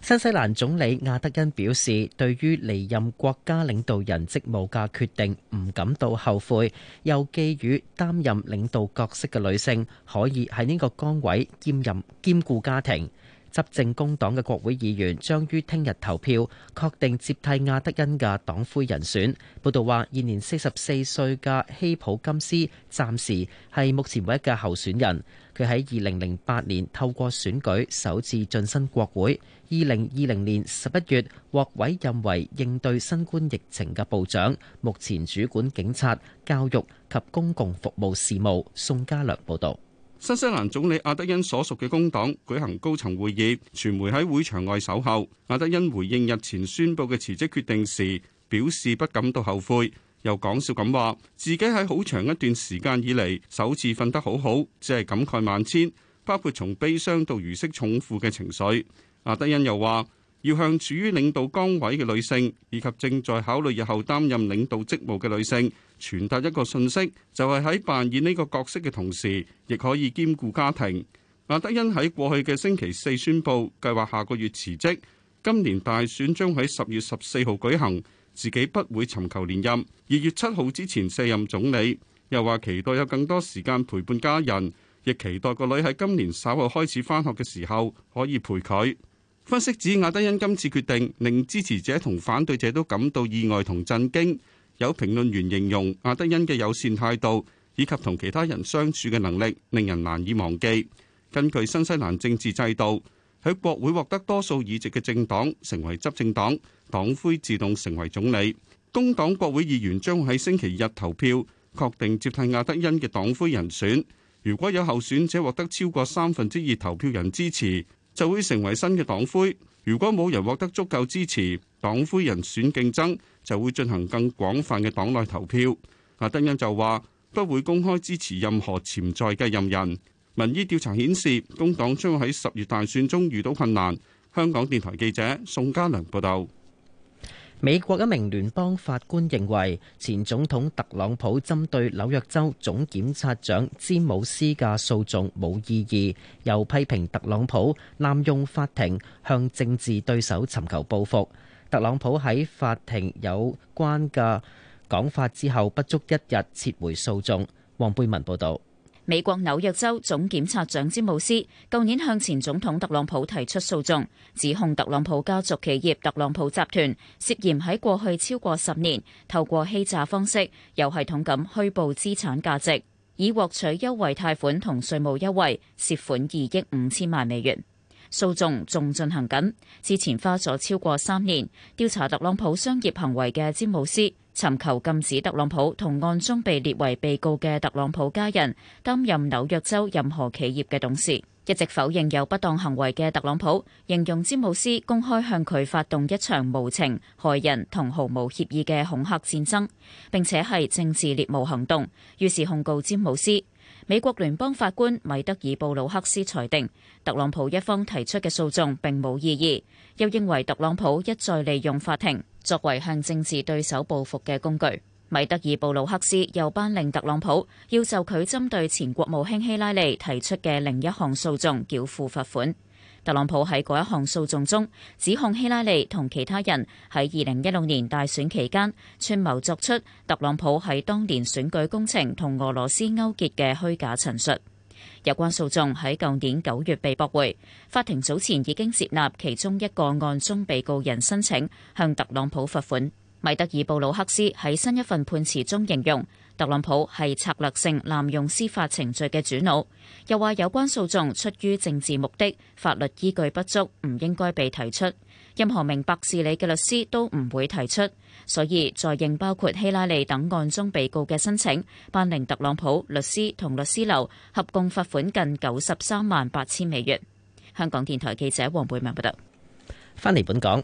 新西蘭總理亞德恩表示，對於離任國家領導人職務嘅決定唔感到後悔，又寄語擔任領導角色嘅女性可以喺呢個崗位兼任兼顧家庭。執政工黨嘅國會議員將於聽日投票，確定接替亞德恩嘅黨魁人選。報道話，現年四十四歲嘅希普金斯暫時係目前唯一嘅候選人。佢喺二零零八年透過選舉首次晉身國會，二零二零年十一月獲委任為應對新冠疫情嘅部長，目前主管警察、教育及公共服務事務。宋家良報導。新西蘭總理阿德恩所屬嘅工黨舉行高層會議，傳媒喺會場外守候。阿德恩回應日前宣布嘅辭職決定時，表示不感到後悔。又講笑咁話，自己喺好長一段時間以嚟，首次瞓得好好，只係感慨萬千，包括從悲傷到如釋重負嘅情緒。阿德恩又話，要向處於領導崗位嘅女性，以及正在考慮日後擔任領導職務嘅女性，傳達一個信息，就係喺扮演呢個角色嘅同時，亦可以兼顧家庭。阿德恩喺過去嘅星期四宣佈，計劃下個月辭職，今年大選將喺十月十四號舉行。自己不會尋求連任，二月七號之前卸任總理。又話期待有更多時間陪伴家人，亦期待個女喺今年稍後開始返學嘅時候可以陪佢。分析指亞德恩今次決定，令支持者同反對者都感到意外同震驚。有評論員形容亞德恩嘅友善態度以及同其他人相處嘅能力，令人難以忘記。根據新西蘭政治制度，喺國會獲得多數議席嘅政黨成為執政黨，黨魁自動成為總理。工黨國會議員將喺星期日投票確定接替亞德恩嘅黨魁人選。如果有候選者獲得超過三分之二投票人支持，就會成為新嘅黨魁。如果冇人獲得足夠支持，黨魁人選競爭就會進行更廣泛嘅黨內投票。亞德恩就話不會公開支持任何潛在嘅任人。民意調查顯示，工黨將會喺十月大選中遇到困難。香港電台記者宋家良報道。美國一名聯邦法官認為，前總統特朗普針對紐約州總檢察長詹姆斯嘅訴訟冇意義，又批評特朗普濫用法庭向政治對手尋求報復。特朗普喺法庭有關嘅講法之後不足一日撤回訴訟。黃貝文報道。美國紐約州總檢察長詹姆斯舊年向前總統特朗普提出訴訟，指控特朗普家族企業特朗普集團涉嫌喺過去超過十年透過欺詐方式，有系統咁虛報資產價值，以獲取優惠貸款同稅務優惠，涉款二億五千萬美元。訴訟仲進行緊，之前花咗超過三年調查特朗普商業行為嘅詹姆斯，尋求禁止特朗普同案中被列為被告嘅特朗普家人擔任紐約州任何企業嘅董事，一直否認有不當行為嘅特朗普，形容詹姆斯公開向佢發動一場無情、害人同毫無協議嘅恐嚇戰爭，並且係政治獵巫行動，於是控告詹姆斯。美國聯邦法官米德爾布魯克斯裁定，特朗普一方提出嘅訴訟並冇意義，又認為特朗普一再利用法庭作為向政治對手報復嘅工具。米德爾布魯克斯又頒令特朗普要就佢針對前國務卿希拉里提出嘅另一項訴訟繳付罰款。特朗普喺嗰一項訴訟中指控希拉里同其他人喺二零一六年大選期間串謀作出特朗普喺當年選舉工程同俄羅斯勾結嘅虛假陳述。有關訴訟喺舊年九月被駁回，法庭早前已經接納其中一個案中被告人申請向特朗普罰款。米德爾布魯克斯喺新一份判詞中形容，特朗普係策略性濫用司法程序嘅主腦，又話有關訴訟出於政治目的，法律依據不足，唔應該被提出。任何明白事理嘅律師都唔會提出，所以在應包括希拉里等案中被告嘅申請。頒令特朗普律師同律師樓合共罰款近九十三萬八千美元。香港電台記者黃貝文報道。翻嚟本港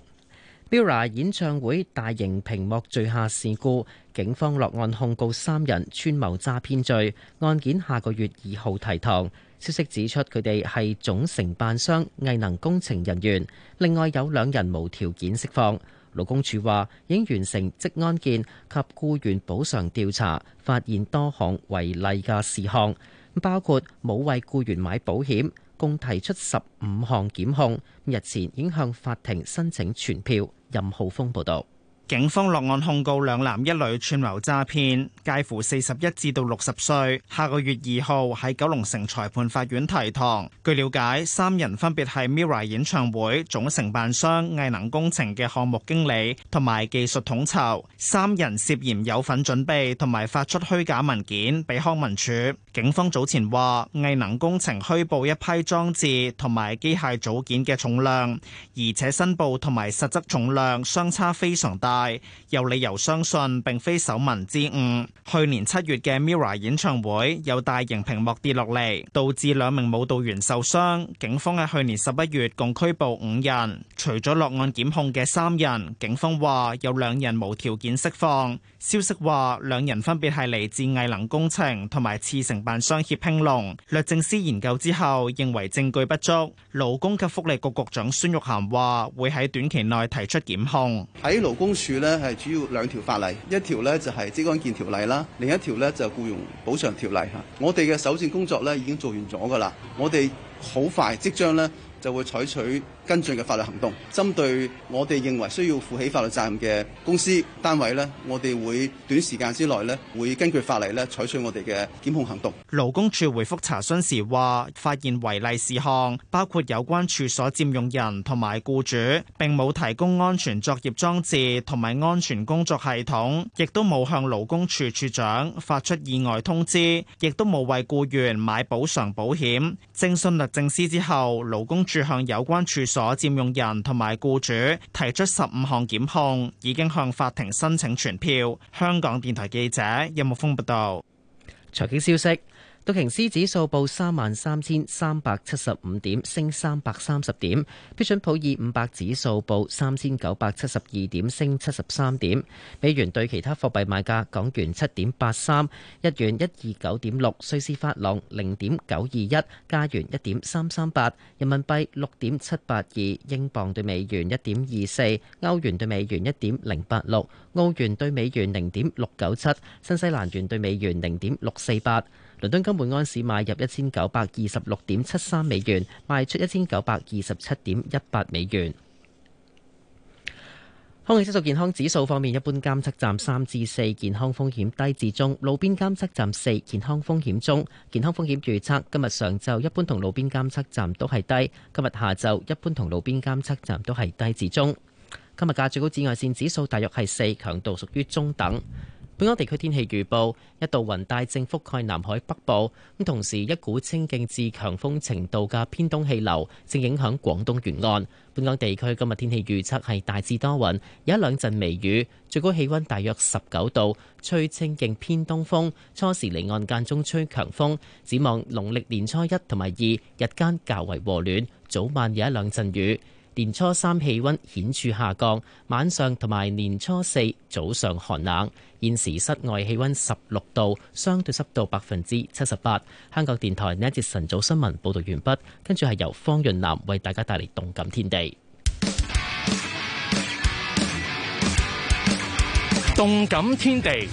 ，MIRROR 演唱會大型屏幕墜下事故。警方落案控告三人串謀詐騙罪，案件下個月二號提堂。消息指出，佢哋係總承辦商藝能工程人員，另外有兩人無條件釋放。勞工處話，已經完成職安健及僱員補償調查，發現多項違例嘅事項，包括冇為僱員買保險，共提出十五項檢控。日前已經向法庭申請傳票。任浩峰報道。警方落案控告兩男一女串謀詐騙，介乎四十一至到六十歲。下個月二號喺九龍城裁判法院提堂。據了解，三人分別係 Mira 演唱會總承辦商藝能工程嘅項目經理同埋技術統籌。三人涉嫌有份準備同埋發出虛假文件俾康文署。警方早前話，藝能工程虛報一批裝置同埋機械組件嘅重量，而且申報同埋實質重量相差非常大。有理由相信，并非手文之誤。去年七月嘅 Mira 演唱會，有大型屏幕跌落嚟，導致兩名舞蹈員受傷。警方喺去年十一月共拘捕五人，除咗落案檢控嘅三人，警方話有兩人無條件釋放。消息話兩人分別係嚟自藝能工程同埋次承辦商協興隆。律政司研究之後，認為證據不足。勞工及福利局,局局長孫玉嫻話會喺短期內提出檢控。喺勞工處。主要兩條法例，一條咧就係《職安健條例啦，另一條咧就雇傭補償條例吓，我哋嘅首戰工作咧已經做完咗噶啦，我哋好快即將咧就會採取。跟進嘅法律行動針對我哋認為需要負起法律責任嘅公司單位咧，我哋會短時間之內咧，會根據法例咧採取我哋嘅檢控行動。勞工處回覆查詢時話，發現違例事項，包括有關處所佔用人同埋雇主並冇提供安全作業裝置同埋安全工作系統，亦都冇向勞工處處長發出意外通知，亦都冇為雇員買補償保險。徵詢律政司之後，勞工處向有關處。所佔用人同埋雇主提出十五項檢控，已經向法庭申請傳票。香港電台記者任木峯報道。財經消息。道瓊斯指數報三萬三千三百七十五點，升三百三十點。標準普爾五百指數報三千九百七十二點，升七十三點。美元對其他貨幣賣價：港元七點八三，日元一二九點六，瑞士法郎零點九二一，加元一點三三八，人民幣六點七八二，英鎊兌美元一點二四，歐元兌美元一點零八六，澳元兌美元零點六九七，新西蘭元兌美元零點六四八。倫敦金每安士買入一千九百二十六點七三美元，賣出一千九百二十七點一八美元。空氣質素健康指數方面，一般監測站三至四，健康風險低至中；路邊監測站四，健康風險中。健康風險預測，今日上晝一般同路邊監測站都係低，今日下晝一般同路邊監測站都係低至中。今日價最高紫外線指數大約係四，強度屬於中等。本港地區天氣預報：一道雲帶正覆蓋南海北部，咁同時一股清勁至強風程度嘅偏東氣流正影響廣東沿岸。本港地區今日天氣預測係大致多雲，有一兩陣微雨，最高氣溫大約十九度，吹清勁偏東風，初時離岸間中吹強風。展望農曆年初一同埋二，日間較為和暖，早晚有一兩陣雨。年初三氣温顯著下降，晚上同埋年初四早上寒冷。現時室外氣温十六度，相對濕度百分之七十八。香港電台呢一節晨早新聞報道完畢，跟住係由方潤南為大家帶嚟動感天地。動感天地。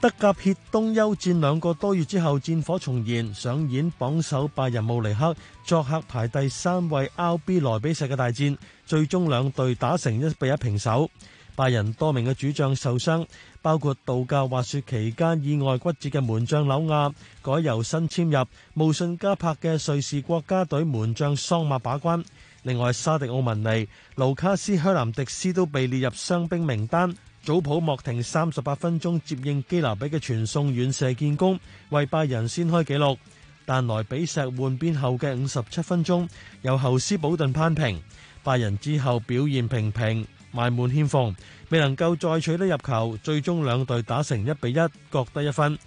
德甲歇冬休戰兩個多月之後，戰火重燃，上演榜首拜仁慕尼黑，作客排第三位 RB 萊比錫嘅大戰，最終兩隊打成一比一平手。拜仁多名嘅主將受傷，包括度假滑雪期間意外骨折嘅門將紐亞，改由新簽入慕遜加柏嘅瑞士國家隊門將桑馬把關。另外，沙迪奧文尼、盧卡斯克蘭迪斯都被列入傷兵名單。祖普莫停三十八分鐘接應基拿比嘅傳送遠射建功，為拜仁先開紀錄。但萊比錫換邊後嘅五十七分鐘，由侯斯保頓攀平。拜仁之後表現平平，埋門欠鋒，未能夠再取得入球，最終兩隊打成一比一，各得一分。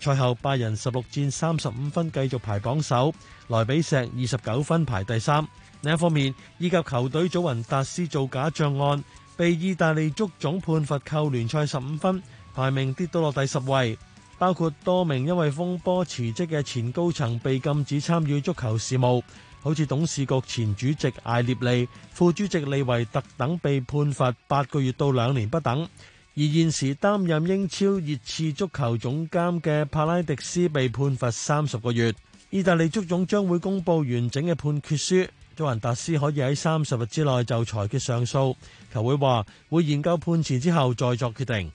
賽後拜仁十六戰三十五分繼續排榜首，萊比錫二十九分排第三。另一方面，以及球隊祖雲達斯造假帳案。被意大利足總判罰扣聯賽十五分，排名跌到落第十位。包括多名因為風波辭職嘅前高層被禁止參與足球事務，好似董事局前主席艾列利、副主席利維特等被判罰八個月到兩年不等。而現時擔任英超熱刺足球總監嘅帕拉迪斯被判罰三十個月。意大利足總將會公佈完整嘅判決書。祖雲達斯可以喺三十日之內就裁決上訴，球會話會研究判詞之後再作決定。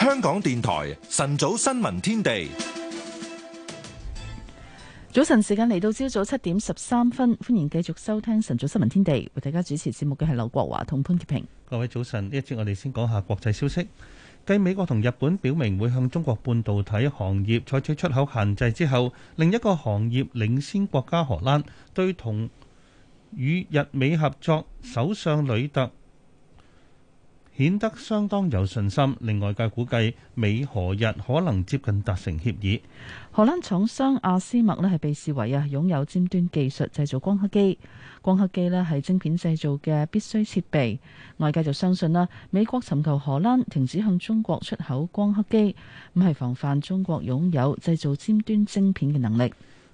香港電台晨早新聞天地。早晨時間嚟到朝早七點十三分，歡迎繼續收聽晨早新聞天地，為大家主持節目嘅係劉國華同潘潔平。各位早晨，呢一節我哋先講下國際消息。繼美國同日本表明會向中國半導體行業採取出口限制之後，另一個行業領先國家荷蘭對同與日美合作首相呂特。顯得相當有信心，令外界估計美荷日可能接近達成協議。荷蘭廠商阿斯麥呢，係被視為啊，擁有尖端技術製造光刻機，光刻機呢係晶片製造嘅必須設備。外界就相信啦，美國尋求荷蘭停止向中國出口光刻機，咁係防範中國擁有製造尖端晶片嘅能力。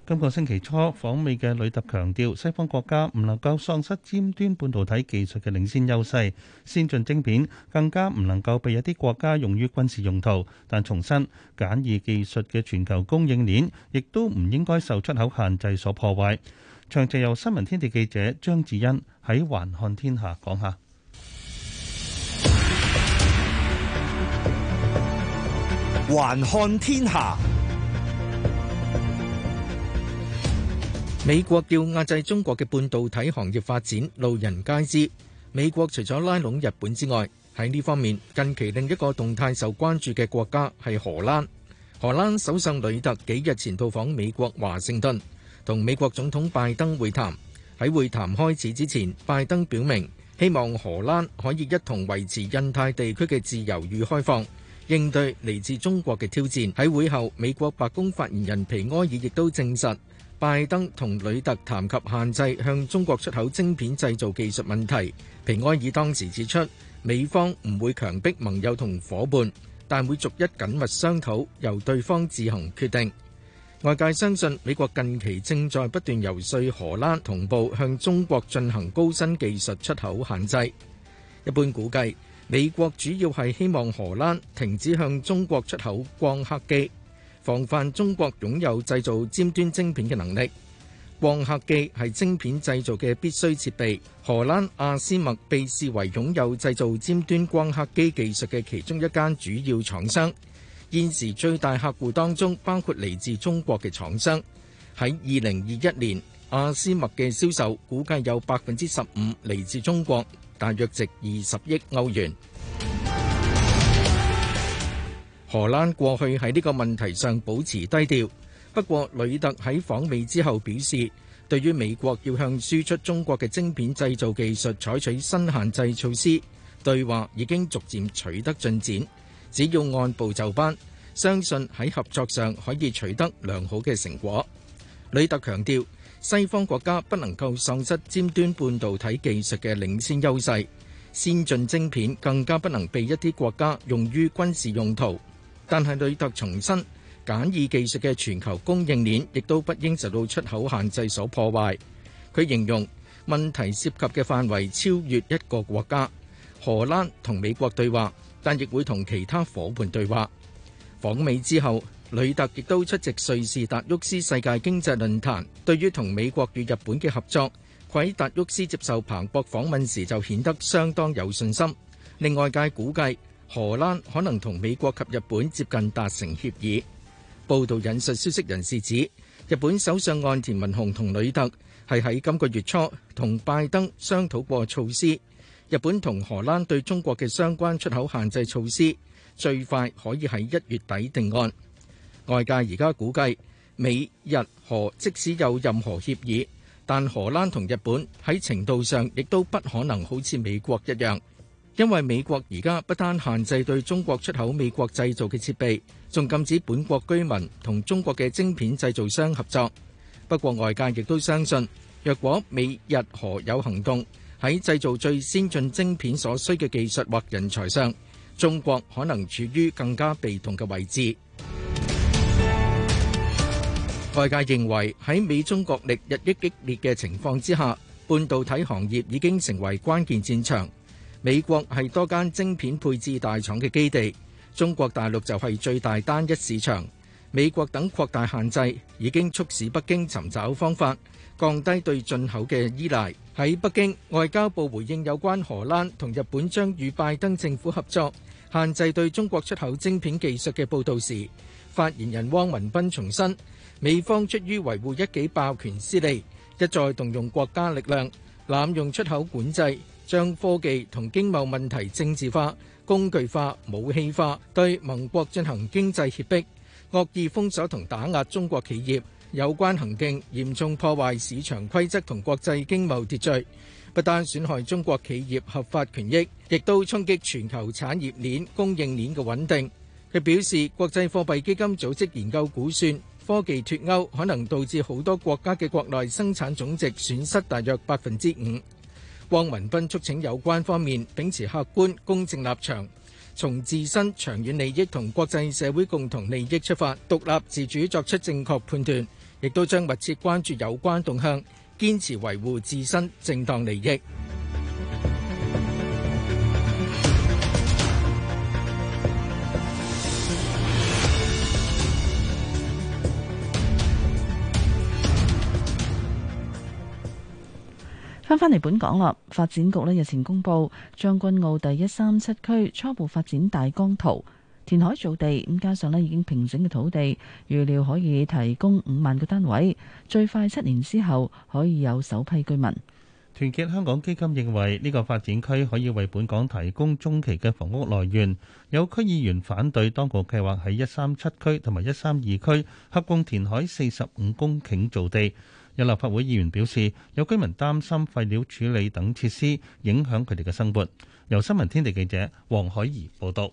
今個星期初訪美嘅呂特強調，西方國家唔能夠喪失尖端半導體技術嘅領先優勢，先進晶片更加唔能夠被一啲國家用於軍事用途。但重申，簡易技術嘅全球供應鏈亦都唔應該受出口限制所破壞。詳情由新聞天地記者張智恩喺《環看天下》講下。環看天下。美國要壓制中國嘅半導體行業發展，路人皆知。美國除咗拉攏日本之外，喺呢方面近期另一個動態受關注嘅國家係荷蘭。荷蘭首相呂特幾日前到訪美國華盛頓，同美國總統拜登會談。喺會談開始之前，拜登表明希望荷蘭可以一同維持印太地區嘅自由與開放，應對嚟自中國嘅挑戰。喺會後，美國白宮發言人皮埃爾亦都證實。拜登同呂特談及限制向中國出口晶片製造技術問題，皮埃爾當時指出，美方唔會強迫盟友同夥伴，但會逐一緊密商討，由對方自行決定。外界相信美國近期正在不斷遊說荷蘭同步向中國進行高新技術出口限制。一般估計，美國主要係希望荷蘭停止向中國出口光刻機。防範中國擁有製造尖端晶片嘅能力。光刻機係晶片製造嘅必須設備。荷蘭阿斯麥被視為擁有製造尖端光刻機技術嘅其中一間主要廠商。現時最大客戶當中包括嚟自中國嘅廠商。喺二零二一年，阿斯麥嘅銷售估計有百分之十五嚟自中國，大約值二十億歐元。荷蘭過去喺呢個問題上保持低調，不過呂特喺訪美之後表示，對於美國要向輸出中國嘅晶片製造技術採取新限制措施，對話已經逐漸取得進展，只要按部就班，相信喺合作上可以取得良好嘅成果。呂特強調，西方國家不能夠喪失尖端半導體技術嘅領先優勢，先進晶片更加不能被一啲國家用於軍事用途。但係，呂特重申，簡易技術嘅全球供應鏈亦都不應受到出口限制所破壞。佢形容問題涉及嘅範圍超越一個國家。荷蘭同美國對話，但亦會同其他夥伴對話。訪美之後，呂特亦都出席瑞士達沃斯世界經濟論壇。對於同美國與日本嘅合作，佢喺達沃斯接受彭博訪問時就顯得相當有信心，另外，外界估計，荷蘭可能同美國及日本接近達成協議。報道引述消息人士指，日本首相岸田文雄同呂特係喺今個月初同拜登商討過措施。日本同荷蘭對中國嘅相關出口限制措施，最快可以喺一月底定案。外界而家估計美，美日荷即使有任何協議，但荷蘭同日本喺程度上亦都不可能好似美國一樣。因為美國而家不單限制對中國出口美國製造嘅設備，仲禁止本國居民同中國嘅晶片製造商合作。不過，外界亦都相信，若果美日何有行動喺製造最先進晶片所需嘅技術或人才上，中國可能處於更加被動嘅位置。外界認為喺美中角力日益激烈嘅情況之下，半導體行業已經成為關鍵戰場。美國係多間晶片配置大廠嘅基地，中國大陸就係最大單一市場。美國等擴大限制已經促使北京尋找方法降低對進口嘅依賴。喺北京，外交部回應有關荷蘭同日本將與拜登政府合作限制對中國出口晶片技術嘅報導時，發言人汪文斌重申，美方出於維護一己霸權私利，一再動用國家力量濫用出口管制，將科技同經貿問題政治化、工具化、武器化，對盟國進行經濟脅迫、惡意封鎖同打壓中國企業，有關行徑嚴重破壞市場規則同國際經貿秩序，不但損害中國企業合法權益，亦都衝擊全球產業鏈、供應鏈嘅穩定。佢表示，國際貨幣基金組織研究估算，科技脱歐可能導致好多國家嘅國內生產總值損失大約百分之五。汪文斌促請有關方面秉持客觀、公正立場，從自身長遠利益同國際社會共同利益出發，獨立自主作出正確判斷，亦都將密切關注有關動向，堅持維護自身正當利益。翻返嚟本港啦，發展局咧日前公佈將軍澳第一三七區初步發展大綱圖填海造地，咁加上咧已經平整嘅土地，預料可以提供五萬個單位，最快七年之後可以有首批居民。團結香港基金認為呢個發展區可以為本港提供中期嘅房屋來源。有區議員反對當局計劃喺一三七區同埋一三二區合共填海四十五公頃造地。有立法會議員表示，有居民擔心廢料處理等設施影響佢哋嘅生活。由新聞天地記者黃海怡報道。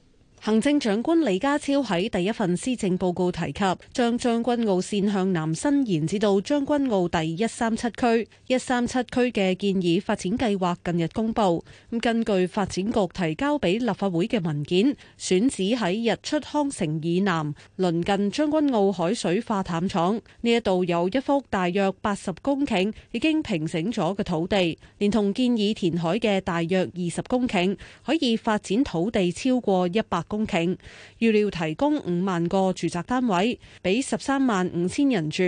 行政長官李家超喺第一份施政報告提及，將將軍澳綫向南伸延至到將軍澳第一三七區。一三七區嘅建議發展計劃近日公布。咁根據發展局提交俾立法會嘅文件，選址喺日出康城以南，鄰近將軍澳海水化淡廠，呢一度有一幅大約八十公頃已經平整咗嘅土地，連同建議填海嘅大約二十公頃，可以發展土地超過一百公。公頃預料提供五萬個住宅單位，俾十三萬五千人住。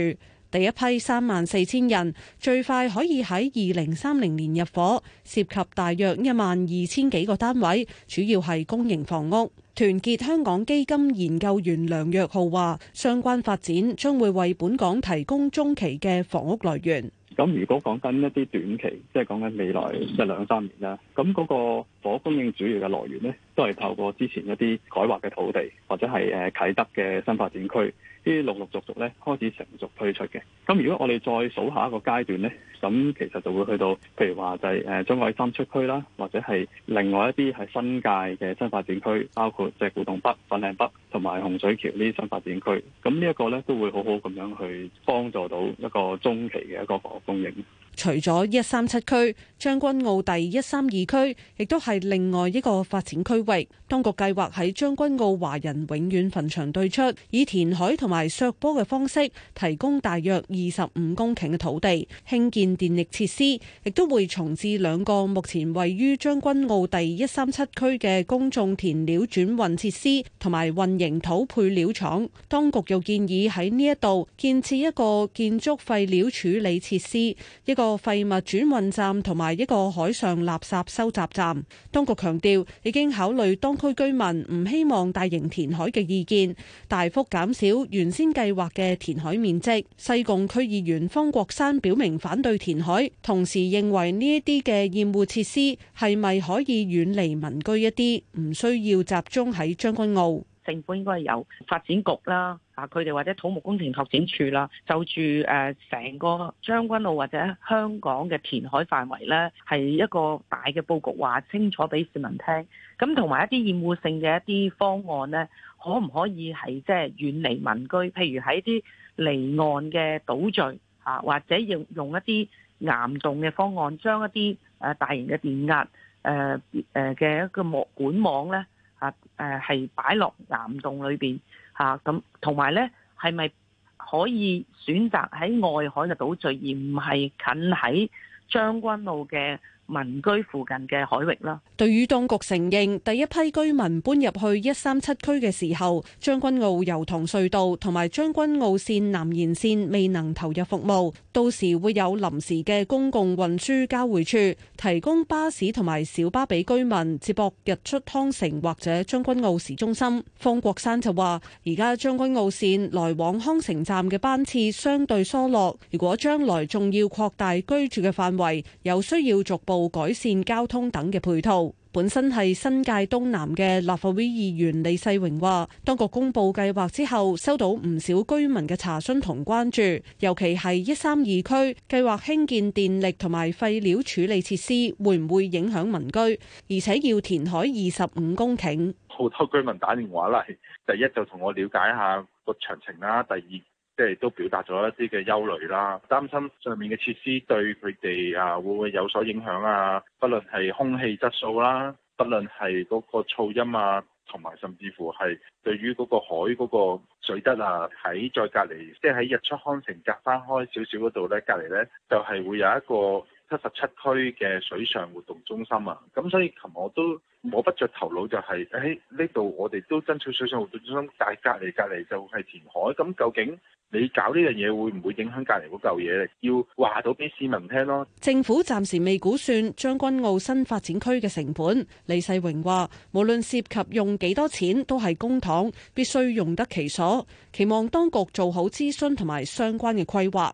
第一批三萬四千人最快可以喺二零三零年入伙，涉及大約一萬二千幾個單位，主要係公營房屋。團結香港基金研究員梁若浩話，相關發展將會為本港提供中期嘅房屋來源。咁如果講緊一啲短期，即係講緊未來即係、就是、兩三年啦，咁、那、嗰個房屋供應主要嘅來源咧？都係透過之前一啲改劃嘅土地，或者係誒啟德嘅新發展區，呢啲陸陸續續咧開始成熟推出嘅。咁如果我哋再數下一個階段咧，咁其實就會去到譬如話就係誒將海喺三出區啦，或者係另外一啲係新界嘅新發展區，包括即係古洞北、粉嶺北同埋洪水橋呢啲新發展區。咁呢一個咧都會好好咁樣去幫助到一個中期嘅一個房屋供應。除咗一三七區，將軍澳第一三二區亦都係另外一個發展區域。當局計劃喺將軍澳華人永遠墳場對出，以填海同埋削坡嘅方式，提供大約二十五公頃嘅土地，興建電力設施，亦都會重置兩個目前位於將軍澳第一三七區嘅公眾填料轉運設施同埋混凝土配料廠。當局又建議喺呢一度建設一個建築廢料處理設施，一個。個廢物轉運站同埋一個海上垃圾收集站，當局強調已經考慮當區居民唔希望大型填海嘅意見，大幅減少原先計劃嘅填海面積。西貢區議員方國山表明反對填海，同時認為呢一啲嘅厭惡設施係咪可以遠離民居一啲，唔需要集中喺將軍澳。政府應該係由發展局啦，啊佢哋或者土木工程拓展處啦，就住誒成個將軍澳或者香港嘅填海範圍呢，係一個大嘅佈局，話清楚俾市民聽。咁同埋一啲厭惡性嘅一啲方案呢，可唔可以係即係遠離民居？譬如喺啲離岸嘅島嶼啊，或者用用一啲岩洞嘅方案，將一啲誒大型嘅電壓誒誒嘅一個管網呢？啊，誒係擺落岩洞裏邊嚇，咁同埋咧係咪可以選擇喺外海嘅島嶼，而唔係近喺將軍澳嘅民居附近嘅海域啦。對於當局承認第一批居民搬入去一三七區嘅時候，將軍澳油塘隧道同埋將軍澳線南延線未能投入服務，到時會有臨時嘅公共運輸交匯處，提供巴士同埋小巴俾居民接駁日出康城或者將軍澳市中心。方國珊就話，而家將軍澳線來往康城站嘅班次相對疏落，如果將來仲要擴大居住嘅範圍，有需要逐步。改善交通等嘅配套，本身係新界東南嘅立法會議員李世榮話，當局公布計劃之後，收到唔少居民嘅查詢同關注，尤其係一三二區計劃興建電力同埋廢料處理設施，會唔會影響民居，而且要填海二十五公頃，好多居民打電話嚟，第一就同我了解一下個詳情啦，第二。即係都表達咗一啲嘅憂慮啦，擔心上面嘅設施對佢哋啊會唔會有所影響啊，不論係空氣質素啦、啊，不論係嗰個噪音啊，同埋甚至乎係對於嗰個海嗰個水質啊，喺再隔離，即係喺日出康城隔返開少少嗰度咧，隔離咧就係、是、會有一個。七十七區嘅水上活動中心啊，咁所以琴日我都摸不着頭腦，就係喺呢度，我哋都爭取水上活動中心，但係隔離隔離就係填海。咁究竟你搞呢樣嘢會唔會影響隔離嗰嚿嘢？要話到俾市民聽咯。政府暫時未估算將軍澳新發展區嘅成本。李世榮話，無論涉及用幾多錢，都係公帑，必須用得其所。期望當局做好諮詢同埋相關嘅規劃。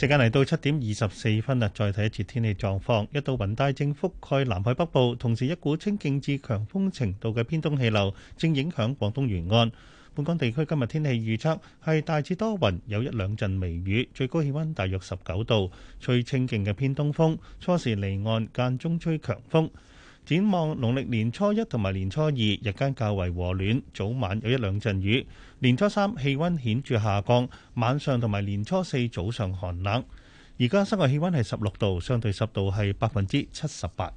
時間嚟到七點二十四分啦，再睇一次天氣狀況。一道雲帶正覆蓋南海北部，同時一股清勁至強風程度嘅偏東氣流正影響廣東沿岸。本港地區今日天氣預測係大致多雲，有一兩陣微雨，最高氣溫大約十九度，吹清勁嘅偏東風，初時離岸間中吹強風。展望農曆年初一同埋年初二，日間較為和暖，早晚有一兩陣雨。年初三氣温顯著下降，晚上同埋年初四早上寒冷。而家室外氣温係十六度，相對濕度係百分之七十八。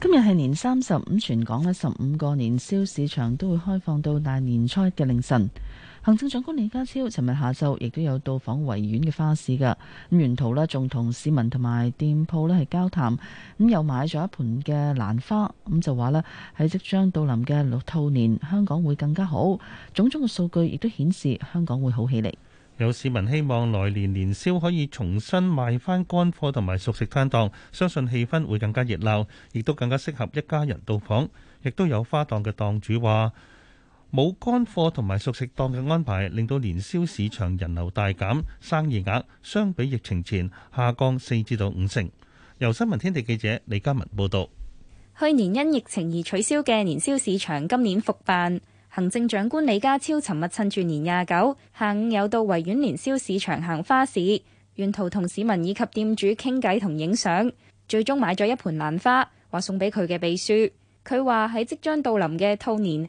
今日係年三十五，全港嘅十五個年宵市場都會開放到大年初一嘅凌晨。行政長官李家超尋日下晝亦都有到訪維園嘅花市㗎，咁沿途咧仲同市民同埋店鋪咧係交談，咁又買咗一盆嘅蘭花，咁就話咧喺即將到臨嘅六兔年，香港會更加好。種種嘅數據亦都顯示香港會好起嚟。有市民希望來年年宵可以重新賣翻乾貨同埋熟食攤檔，相信氣氛會更加熱鬧，亦都更加適合一家人到訪。亦都有花檔嘅檔主話。冇乾貨同埋熟食檔嘅安排，令到年宵市場人流大減，生意額相比疫情前下降四至到五成。由新聞天地記者李嘉文報道。去年因疫情而取消嘅年宵市場今年復辦。行政長官李家超尋日趁住年廿九下午，有到維園年宵市場行花市，沿途同市民以及店主傾偈同影相，最終買咗一盆蘭花，話送俾佢嘅秘書。佢話喺即將到臨嘅兔年。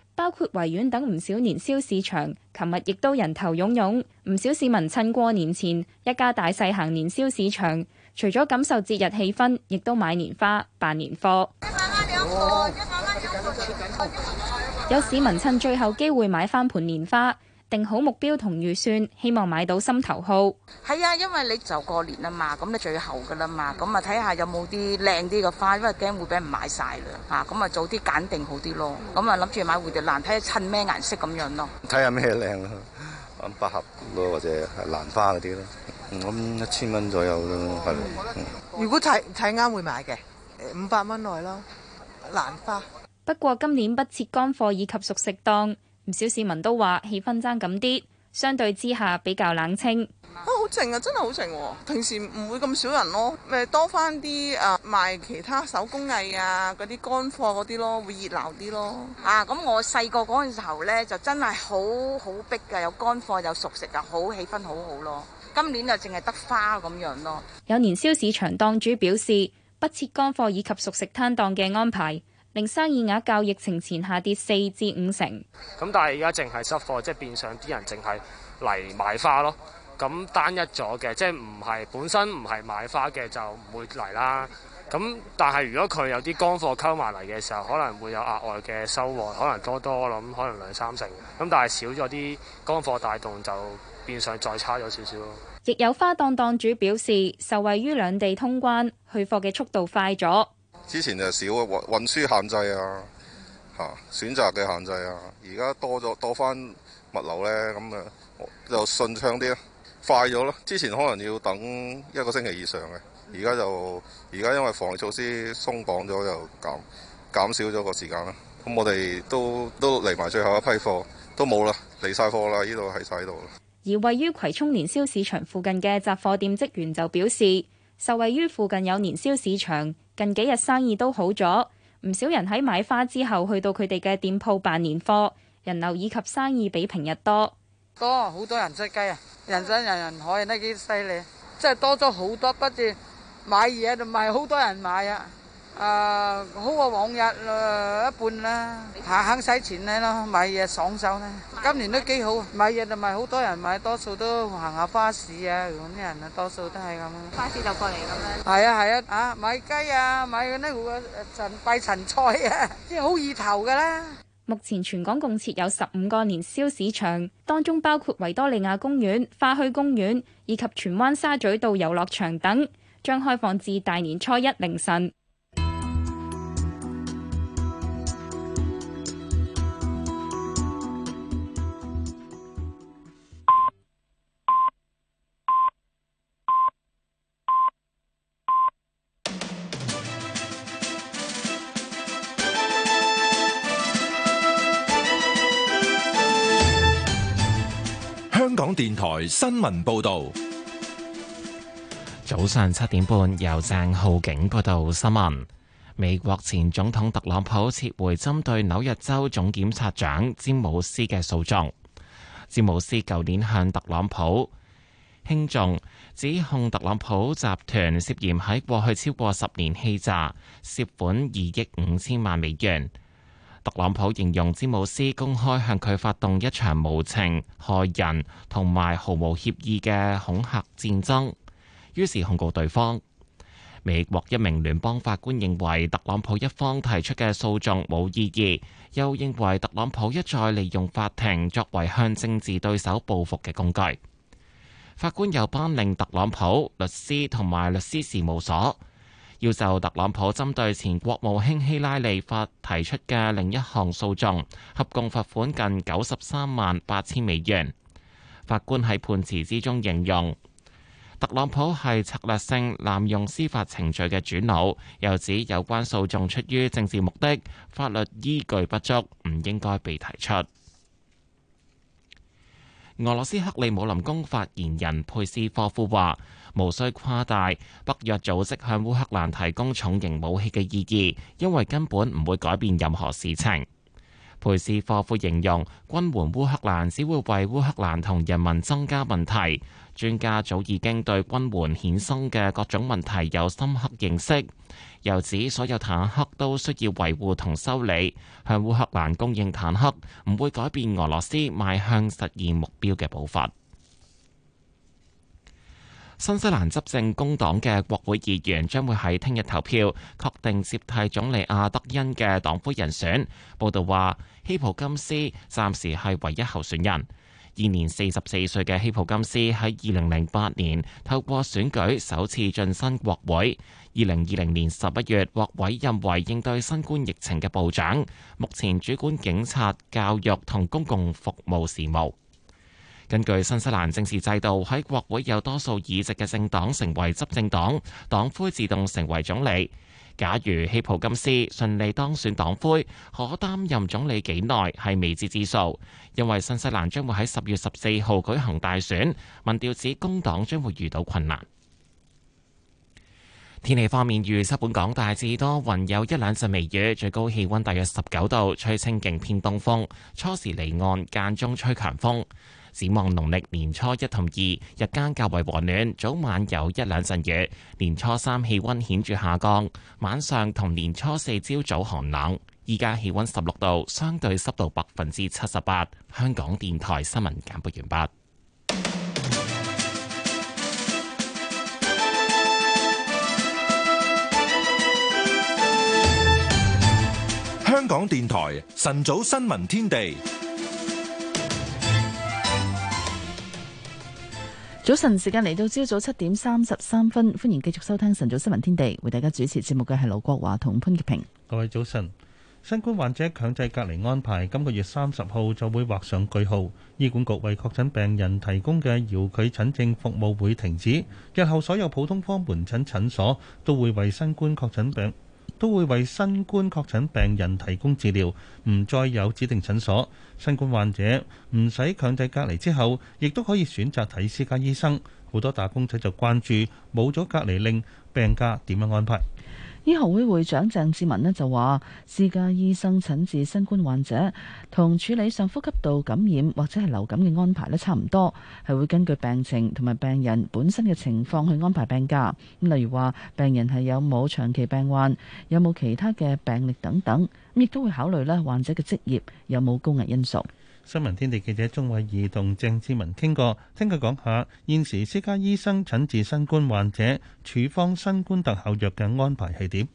包括維園等唔少年宵市場，琴日亦都人頭湧湧，唔少市民趁過年前一家大細行年宵市場，除咗感受節日氣氛，亦都買年花、辦年貨。有市民趁最後機會買翻盆年花。定好目標同預算，希望買到心頭好。係啊，因為你就過年啦嘛，咁你最後噶啦嘛，咁啊睇下有冇啲靚啲嘅花，因為驚會俾人買晒啦，吓咁啊早啲揀定好啲咯，咁啊諗住買蝴蝶蘭，睇下襯咩顏色咁樣咯。睇下咩靚咯，咁百合咯或者係蘭花嗰啲咯，咁一千蚊左右咯，係，如果睇睇啱會買嘅，五百蚊內咯。蘭花。不過今年不設乾貨以及熟食檔。唔少市民都話氣氛爭咁啲，相對之下比較冷清。啊，好靜啊，真係好靜喎！平時唔會咁少人咯，咪多翻啲誒賣其他手工藝啊，嗰啲乾貨嗰啲咯，會熱鬧啲咯。啊，咁我細個嗰陣時候咧，就真係好好逼㗎，有乾貨有熟食㗎，好氣氛好好咯。今年就淨係得花咁樣咯。有年宵市場檔主表示，不設乾貨以及熟食攤檔嘅安排，令生意額較疫情前下跌四至五成。咁但係而家淨係濕貨，即係變相啲人淨係嚟買花咯。咁單一咗嘅，即係唔係本身唔係買花嘅就唔會嚟啦。咁但係如果佢有啲乾貨溝埋嚟嘅時候，可能會有額外嘅收穫，可能多多，我諗可能兩三成。咁但係少咗啲乾貨帶動，就變相再差咗少少咯。亦有花檔檔主表示，受惠於兩地通關，去貨嘅速度快咗。之前就少運輸限制啊，吓選擇嘅限制啊。而家多咗多翻物流呢，咁啊就順暢啲啦，快咗啦。之前可能要等一個星期以上嘅，而家就而家因為防疫措施鬆綁咗，就減減少咗個時間啦。咁我哋都都嚟埋最後一批貨都冇啦，嚟晒貨啦，呢度喺晒度。而位於葵涌年宵市場附近嘅雜貨店職員就表示，受惠於附近有年宵市場。近幾日生意都好咗，唔少人喺買花之後去到佢哋嘅店鋪辦年貨，人流以及生意比平日多。多，好多人出街啊，人山人人海，呢幾啲犀利，真係多咗好多，不止買嘢，同埋好多人買啊。啊，好過往日一半啦，行行使錢咧咯，買嘢爽手咧。今年都幾好，買嘢就咪好多人買，多數都行下花市啊。咁啲人啊，多數都係咁啊，花市就過嚟咁樣。係啊係啊，啊買雞啊，買嗰啲嗰陳拜陳菜啊，即係好意頭噶啦。目前全港共設有十五個年宵市場，當中包括維多利亞公園、花墟公園以及荃灣沙咀道遊樂場等，將開放至大年初一凌晨。香港電台新聞報道，早上七點半由鄭浩景報道新聞。美國前總統特朗普撤回針對紐約州總檢察長詹姆斯嘅訴訟。詹姆斯舊年向特朗普輕重指控特朗普集團涉嫌喺過去超過十年欺詐，涉款二億五千萬美元。特朗普形容詹姆斯公開向佢發動一場無情害人同埋毫無協議嘅恐嚇戰爭，於是控告對方。美國一名聯邦法官認為特朗普一方提出嘅訴訟冇意義，又認為特朗普一再利用法庭作為向政治對手報復嘅工具。法官又頒令特朗普律師同埋律師事務所。要就特朗普針對前國務卿希拉里法提出嘅另一項訴訟，合共罰款近九十三萬八千美元。法官喺判詞之中形容，特朗普係策略性濫用司法程序嘅主腦，又指有關訴訟出於政治目的，法律依據不足，唔應該被提出。俄羅斯克里姆林宮發言人佩斯科夫話。無需誇大北約組織向烏克蘭提供重型武器嘅意義，因為根本唔會改變任何事情。佩斯科夫形容軍援烏克蘭只會為烏克蘭同人民增加問題，專家早已經對軍援衍生嘅各種問題有深刻認識，又指所有坦克都需要維護同修理，向烏克蘭供應坦克唔會改變俄羅斯邁向實現目標嘅步伐。新西蘭執政工黨嘅國會議員將會喺聽日投票，確定接替總理阿德恩嘅黨魁人選。報道話，希普金斯暫時係唯一候選人。現年四十四歲嘅希普金斯喺二零零八年透過選舉首次晉身國會，二零二零年十一月獲委任為應對新冠疫情嘅部長，目前主管警察、教育同公共服務事務。根據新西蘭政治制度，喺國會有多數議席嘅政黨成為執政黨，黨魁自動成為總理。假如希普金斯順利當選黨魁，可擔任總理幾耐係未知之數，因為新西蘭將會喺十月十四號舉行大選。民調指工黨將會遇到困難。天氣方面，預測本港大致多雲，雲有一兩陣微雨，最高氣溫大約十九度，吹清勁偏東風，初時離岸，間中吹強風。展望農曆年初一、同二日間較為和暖，早晚有一兩陣雨。年初三氣溫顯著下降，晚上同年初四朝早寒冷。依家氣溫十六度，相對濕度百分之七十八。香港電台新聞簡報完畢。香港電台晨早新聞天地。早晨，時間嚟到朝早七點三十三分，歡迎繼續收聽晨早新聞天地，為大家主持節目嘅係盧國華同潘潔平。各位早晨，新冠患者強制隔離安排今個月三十號就會劃上句號，醫管局為確診病人提供嘅遙距診症服務會停止，日後所有普通科門診診所都會為新冠確診病。都會為新冠確診病人提供治療，唔再有指定診所。新冠患者唔使強制隔離之後，亦都可以選擇睇私家醫生。好多打工仔就關注冇咗隔離令，病假點樣安排？醫學會會長鄭志文呢就話，私家醫生診治新冠患者同處理上呼吸道感染或者係流感嘅安排呢，差唔多，係會根據病情同埋病人本身嘅情況去安排病假。咁例如話，病人係有冇長期病患，有冇其他嘅病歷等等，咁亦都會考慮呢，患者嘅職業有冇高危因素。新聞天地記者鍾偉儀同鄭志文傾過，聽佢講下現時私家醫生診治新冠患者、處方新冠特效藥嘅安排係點。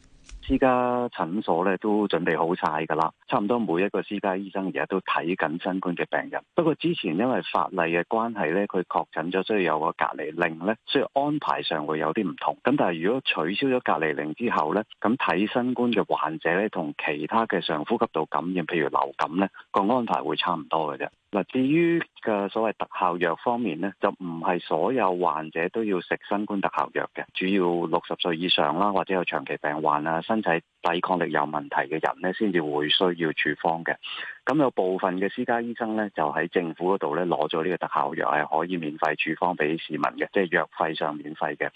私家診所咧都準備好晒噶啦，差唔多每一個私家醫生而家都睇緊新冠嘅病人。不過之前因為法例嘅關係咧，佢確診咗，所以有個隔離令咧，所以安排上會有啲唔同。咁但係如果取消咗隔離令之後咧，咁睇新冠嘅患者，咧，同其他嘅上呼吸道感染，譬如流感咧，個安排會差唔多嘅啫。至於嘅所謂特效藥方面咧，就唔係所有患者都要食新冠特效藥嘅。主要六十歲以上啦，或者有長期病患啊、身體抵抗力有問題嘅人咧，先至會需要處方嘅。咁有部分嘅私家醫生咧，就喺政府嗰度咧攞咗呢個特效藥，係可以免費處方俾市民嘅，即係藥費上免費嘅。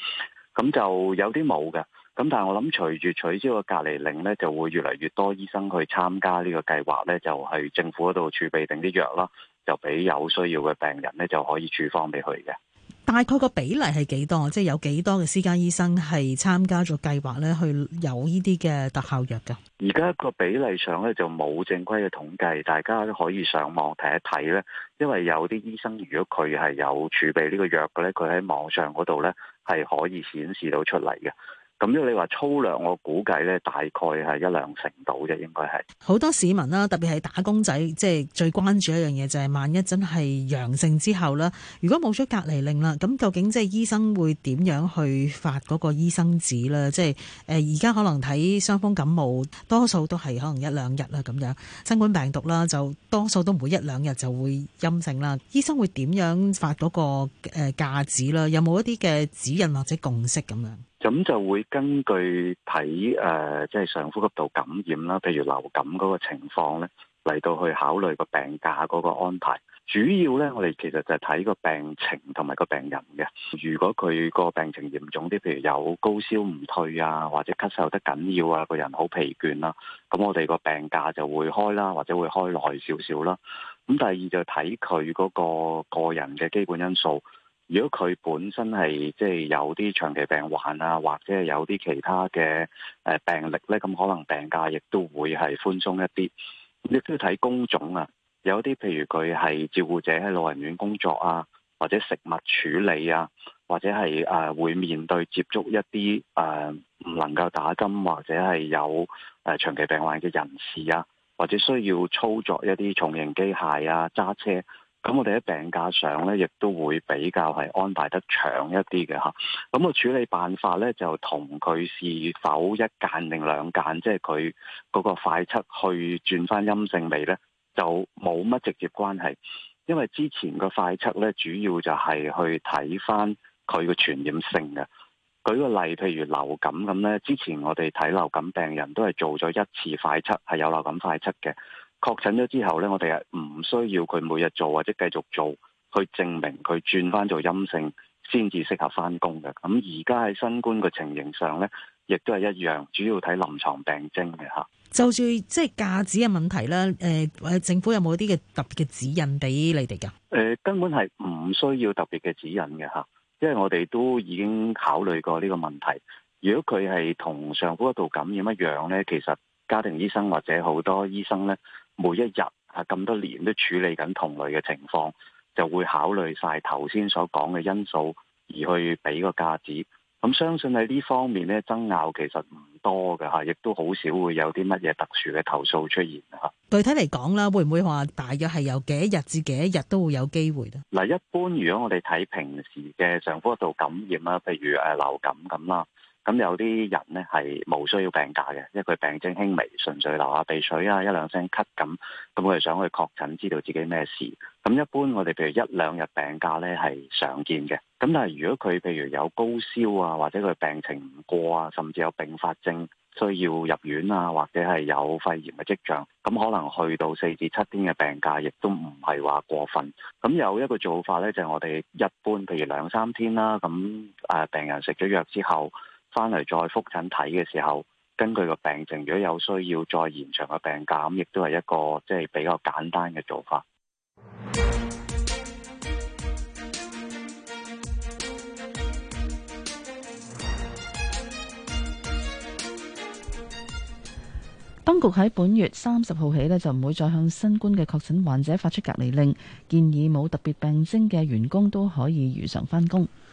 咁就有啲冇嘅。咁但係我諗，隨住取消個隔離令咧，就會越嚟越多醫生去參加呢個計劃咧，就去政府嗰度儲備定啲藥啦。就俾有需要嘅病人咧，就可以處方俾佢嘅。大概個比例係幾多？即係有幾多嘅私家醫生係參加咗計劃咧，去有呢啲嘅特效藥㗎。而家個比例上咧，就冇正規嘅統計，大家可以上網睇一睇咧。因為有啲醫生，如果佢係有儲備呢個藥嘅咧，佢喺網上嗰度咧係可以顯示到出嚟嘅。咁如果你話粗略，我估計咧，大概係一兩成度啫，應該係好多市民啦，特別係打工仔，即係最關注一樣嘢就係萬一真係陽性之後啦，如果冇咗隔離令啦，咁究竟即係醫生會點樣去發嗰個醫生紙啦，即係誒而家可能睇傷風感冒，多數都係可能一兩日啦咁樣新冠病毒啦，就多數都唔會一兩日就會陰性啦。醫生會點樣發嗰個誒假紙啦？有冇一啲嘅指引或者共識咁樣。咁就會根據睇誒，即係上呼吸道感染啦，譬如流感嗰個情況咧，嚟到去考慮個病假嗰個安排。主要咧，我哋其實就係睇個病情同埋個病人嘅。如果佢個病情嚴重啲，譬如有高燒唔退啊，或者咳嗽得緊要啊，個人好疲倦啦，咁我哋個病假就會開啦，或者會開耐少少啦。咁第二就睇佢嗰個個人嘅基本因素。如果佢本身係即係有啲長期病患啊，或者有啲其他嘅誒病歷呢，咁可能病假亦都會係寬鬆一啲。亦都要睇工種啊，有啲譬如佢係照顧者喺老人院工作啊，或者食物處理啊，或者係誒、呃、會面對接觸一啲誒唔能夠打針，或者係有誒、呃、長期病患嘅人士啊，或者需要操作一啲重型機械啊、揸車。咁我哋喺病假上咧，亦都會比較係安排得長一啲嘅嚇。咁、啊、個處理辦法咧，就同佢是否一間定兩間，即係佢嗰個快測去轉翻陰性未咧，就冇、是、乜直接關係。因為之前個快測咧，主要就係去睇翻佢嘅傳染性嘅。舉個例，譬如流感咁咧，之前我哋睇流感病人都係做咗一次快測，係有流感快測嘅。確診咗之後咧，我哋係唔需要佢每日做或者繼續做，去證明佢轉翻做陰性適，先至適合翻工嘅。咁而家喺新冠嘅情形上咧，亦都係一樣，主要睇臨床病徵嘅吓。就算即係假止嘅問題咧，誒、呃、誒，政府有冇啲嘅特別嘅指引俾你哋噶誒、呃，根本係唔需要特別嘅指引嘅吓，因為我哋都已經考慮過呢個問題。如果佢係同上呼吸道感染一樣咧，其實家庭醫生或者好多醫生咧。每一日啊，咁多年都處理緊同類嘅情況，就會考慮晒頭先所講嘅因素，而去俾個價值。咁、嗯、相信喺呢方面咧，爭拗其實唔多㗎吓，亦都好少會有啲乜嘢特殊嘅投訴出現吓。具體嚟講啦，會唔會話大約係有幾一日至幾一日都會有機會咧？嗱、嗯，一般如果我哋睇平時嘅上呼吸道感染啦，譬如誒流感咁啦。咁有啲人咧係冇需要病假嘅，因為佢病徵輕微，純粹流下鼻水啊，一兩聲咳咁，咁佢哋想去確診知道自己咩事。咁一般我哋譬如一兩日病假咧係常見嘅。咁但係如果佢譬如有高燒啊，或者佢病情唔過啊，甚至有併發症需要入院啊，或者係有肺炎嘅跡象，咁可能去到四至七天嘅病假，亦都唔係話過分。咁有一個做法咧，就係我哋一般譬如兩三天啦，咁誒病人食咗藥之後。翻嚟再覆診睇嘅時候，根據個病情，如果有需要再延長個病假，咁亦都係一個即係比較簡單嘅做法。當局喺本月三十號起呢就唔會再向新冠嘅確診患者發出隔離令，建議冇特別病徵嘅員工都可以如常返工。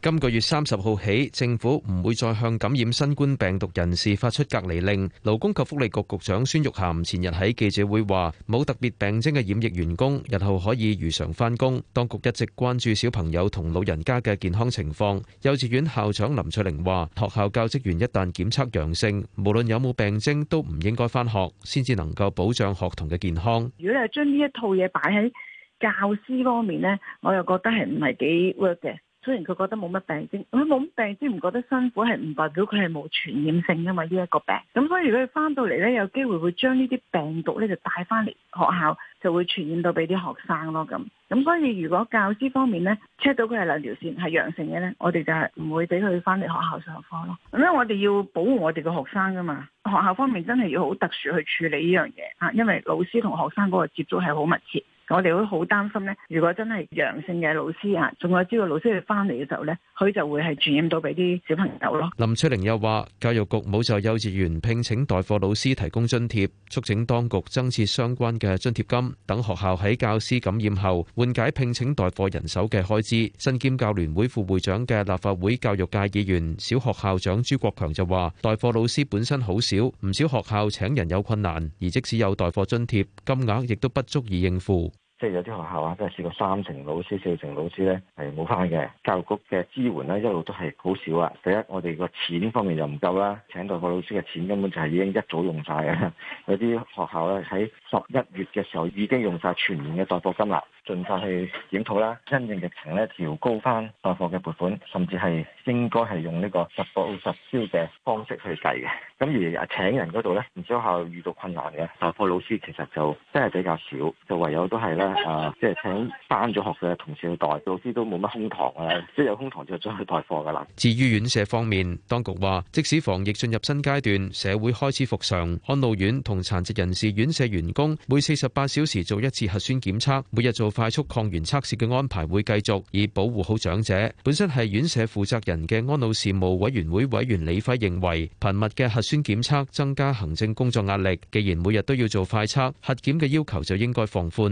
今個月三十號起，政府唔會再向感染新冠病毒人士發出隔離令。勞工及福利局局長孫玉菡前日喺記者會話：冇特別病徵嘅染疫員工日後可以如常翻工。當局一直關注小朋友同老人家嘅健康情況。幼稚園校長林翠玲話：學校教職員一旦檢測陽性，無論有冇病徵都唔應該翻學，先至能夠保障學童嘅健康。如果係將呢一套嘢擺喺教師方面呢，我又覺得係唔係幾 work 嘅。雖然佢覺得冇乜病徵，咁冇乜病徵唔覺得辛苦，係唔代表佢係冇傳染性噶嘛？呢一個病，咁所以如果佢翻到嚟咧，有機會會將呢啲病毒咧就帶翻嚟學校，就會傳染到俾啲學生咯。咁，咁所以如果教師方面咧 check 到佢係兩條線係陽性嘅咧，我哋就係唔會俾佢翻嚟學校上課咯。咁因為我哋要保護我哋嘅學生噶嘛，學校方面真係要好特殊去處理呢樣嘢啊，因為老師同學生嗰個接觸係好密切。我哋會好擔心咧。如果真係陽性嘅老師啊，仲有朝嘅老師去翻嚟嘅時候咧，佢就會係傳染到俾啲小朋友咯。林翠玲又話：教育局冇就幼稚園聘請代課老師提供津貼，促請當局增設相關嘅津貼金，等學校喺教師感染後，緩解聘請代課人手嘅開支。新兼教聯會副會長嘅立法會教育界議員、小學校長朱國強就話：代課老師本身好少，唔少學校請人有困難，而即使有代課津貼，金額亦都不足以應付。即係有啲學校啊，真係試過三成老師、四成老師咧係冇翻嘅。教育局嘅支援咧一路都係好少啦。第一，我哋個錢方面又唔夠啦。請代課老師嘅錢根本就係已經一早用晒嘅。 有啲學校咧喺十一月嘅時候已經用晒全年嘅代課金啦。盡快去檢討啦，因應疫情咧調高翻代課嘅撥款，甚至係應該係用呢個實報實銷嘅方式去計嘅。咁而請人嗰度咧，唔少學校遇到困難嘅代課老師其實就真係比較少，就唯有都係咧。啊！即係請翻咗學嘅同事去代，老師都冇乜空堂啊！即係有空堂就將去代課㗎啦。至於院舍方面，當局話，即使防疫進入新階段，社會開始復常，安老院同殘疾人士院舍員工每四十八小時做一次核酸檢測，每日做快速抗原測試嘅安排會繼續，以保護好長者。本身係院舍負責人嘅安老事務委員會委員李輝認為，頻密嘅核酸檢測增加行政工作壓力，既然每日都要做快測核檢嘅要求，就應該放寬。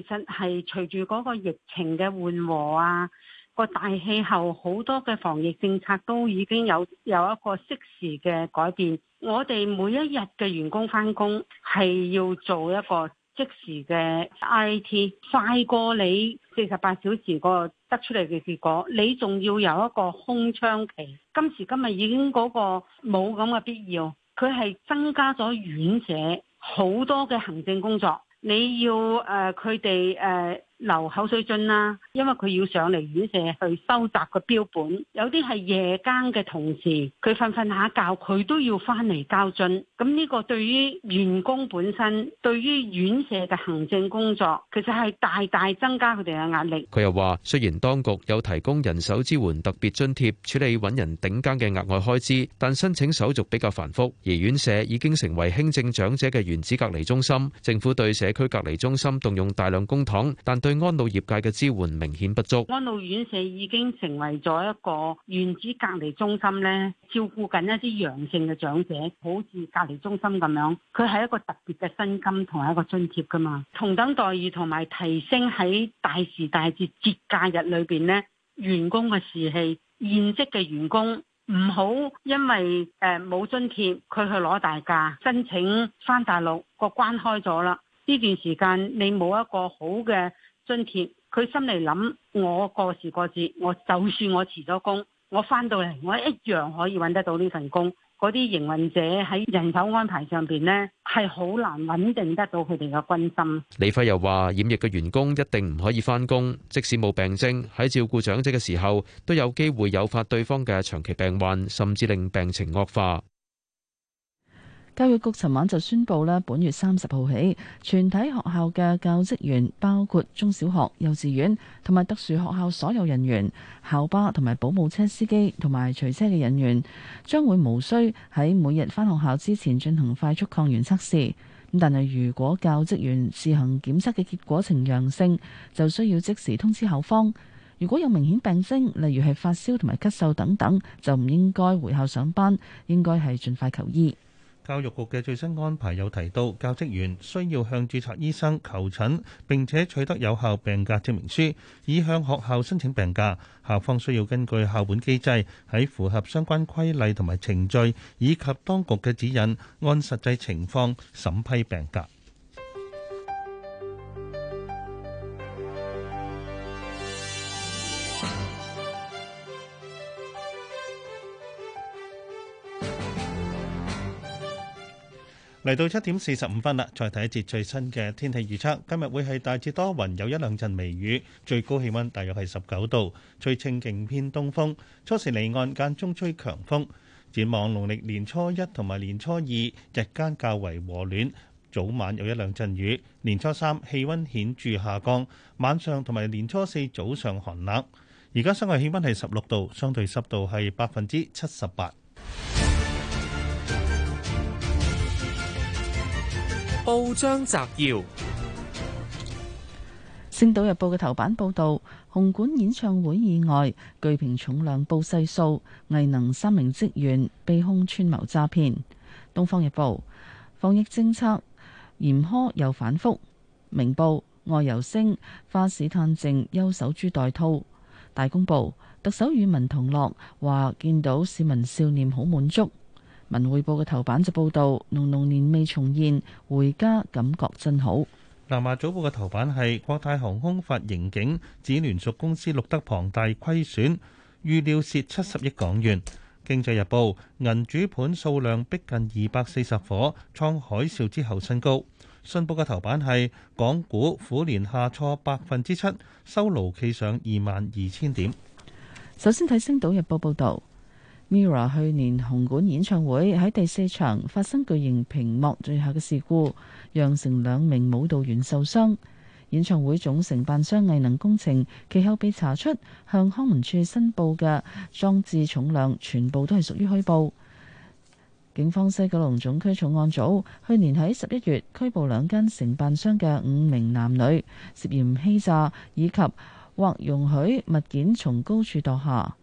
其實係隨住嗰個疫情嘅緩和啊，個大氣候好多嘅防疫政策都已經有有一個適時嘅改變。我哋每一日嘅員工翻工係要做一個即時嘅 IT 快過你四十八小時個得出嚟嘅結果，你仲要有一個空窗期。今時今日已經嗰個冇咁嘅必要，佢係增加咗院舍好多嘅行政工作。你要誒佢哋誒。Uh, 流口水樽啦，因為佢要上嚟院舍去收集個標本，有啲係夜間嘅同事，佢瞓瞓下覺，佢都要翻嚟交樽。咁呢個對於員工本身，對於院舍嘅行政工作，其實係大大增加佢哋嘅壓力。佢又話雖然當局有提供人手支援特、特別津貼處理揾人頂間嘅額外開支，但申請手續比較繁複，而院舍已經成為輕症長者嘅原子隔離中心。政府對社區隔離中心動用大量公帑，但對對安老業界嘅支援明顯不足。安老院舍已經成為咗一個原址隔離中心咧，照顧緊一啲陽性嘅長者，好似隔離中心咁樣。佢係一個特別嘅薪金同埋一個津貼噶嘛，同等待遇同埋提升喺大時大節節假日裏邊咧，員工嘅士氣，現職嘅員工唔好因為誒冇津貼，佢去攞大假，申請翻大陸個關開咗啦。呢段時間你冇一個好嘅。津貼佢心裏諗，我過時過節，我就算我辭咗工，我翻到嚟我一樣可以搵得到呢份工。嗰啲營運者喺人手安排上邊呢，係好難穩定得到佢哋嘅軍心。李輝又話，染疫嘅員工一定唔可以翻工，即使冇病症，喺照顧長者嘅時候都有機會誘發對方嘅長期病患，甚至令病情惡化。教育局尋晚就宣佈啦，本月三十號起，全體學校嘅教職員，包括中小學、幼稚園同埋特殊學校，所有人員、校巴同埋保姆車司機同埋隨車嘅人員，將會無需喺每日返學校之前進行快速抗原測試。但係如果教職員自行檢測嘅結果呈陽性，就需要即時通知校方。如果有明顯病徵，例如係發燒同埋咳嗽等等，就唔應該回校上班，應該係盡快求醫。教育局嘅最新安排有提到，教職員需要向註冊醫生求診，並且取得有效病假證明書，以向學校申請病假。校方需要根據校本機制，喺符合相關規例同埋程序，以及當局嘅指引，按實際情況審批病假。嚟到七點四十五分啦，再睇一節最新嘅天氣預測。今日會係大致多雲，有一兩陣微雨，最高氣溫大約係十九度，最清勁偏東風。初時離岸間中吹強風。展望農曆年初一同埋年初二日間較為和暖，早晚有一兩陣雨。年初三氣温顯著下降，晚上同埋年初四早上寒冷。而家室外氣溫係十六度，相對濕度係百分之七十八。報章摘要：星島日報嘅頭版報道，紅館演唱會意外，巨屏重量報細數，藝能三名職員被控串謀詐騙。東方日報防疫政策嚴苛又反覆。明報外遊星、花市探靜優守株待兔。大公報特首與民同樂，話見到市民笑臉好滿足。文匯報嘅頭版就報道：濃濃年味重現，回家感覺真好。南華早報嘅頭版係國泰航空發盈警，指聯屬公司錄得龐大虧損，預料蝕七十億港元。經濟日報銀主盤數量逼近二百四十火，創海嘯之後新高。信報嘅頭版係港股虎年下挫百分之七，收牢企上二萬二千點。首先睇《星島日報》報道。Mira 去年紅館演唱會喺第四場發生巨型屏幕墜下嘅事故，釀成兩名舞蹈員受傷。演唱會總承辦商藝能工程，其後被查出向康文署申報嘅裝置重量全部都係屬於虛報。警方西九龍總區重案組去年喺十一月拘捕兩間承辦商嘅五名男女，涉嫌欺詐以及或容許物件從高處墮下。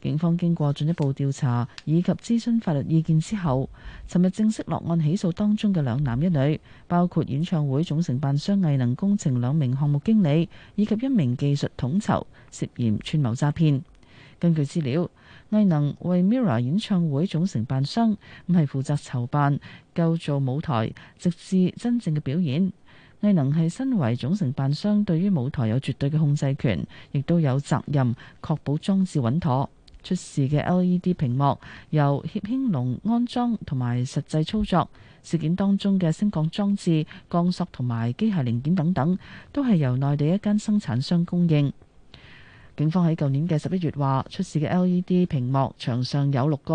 警方經過進一步調查以及諮詢法律意見之後，尋日正式落案起訴當中嘅兩男一女，包括演唱會總承辦商藝能工程兩名項目經理以及一名技術統籌，涉嫌串謀詐騙。根據資料，藝能為 MIRROR 演唱會總承辦商，咁係負責籌辦、構造舞台，直至真正嘅表演。藝能係身為總承辦商，對於舞台有絕對嘅控制權，亦都有責任確保裝置穩妥。出事嘅 LED 屏幕由協興隆安裝同埋實際操作，事件當中嘅升降裝置、降索同埋機械零件等等，都係由內地一間生產商供應。警方喺舊年嘅十一月話，出事嘅 LED 屏幕牆上有六個，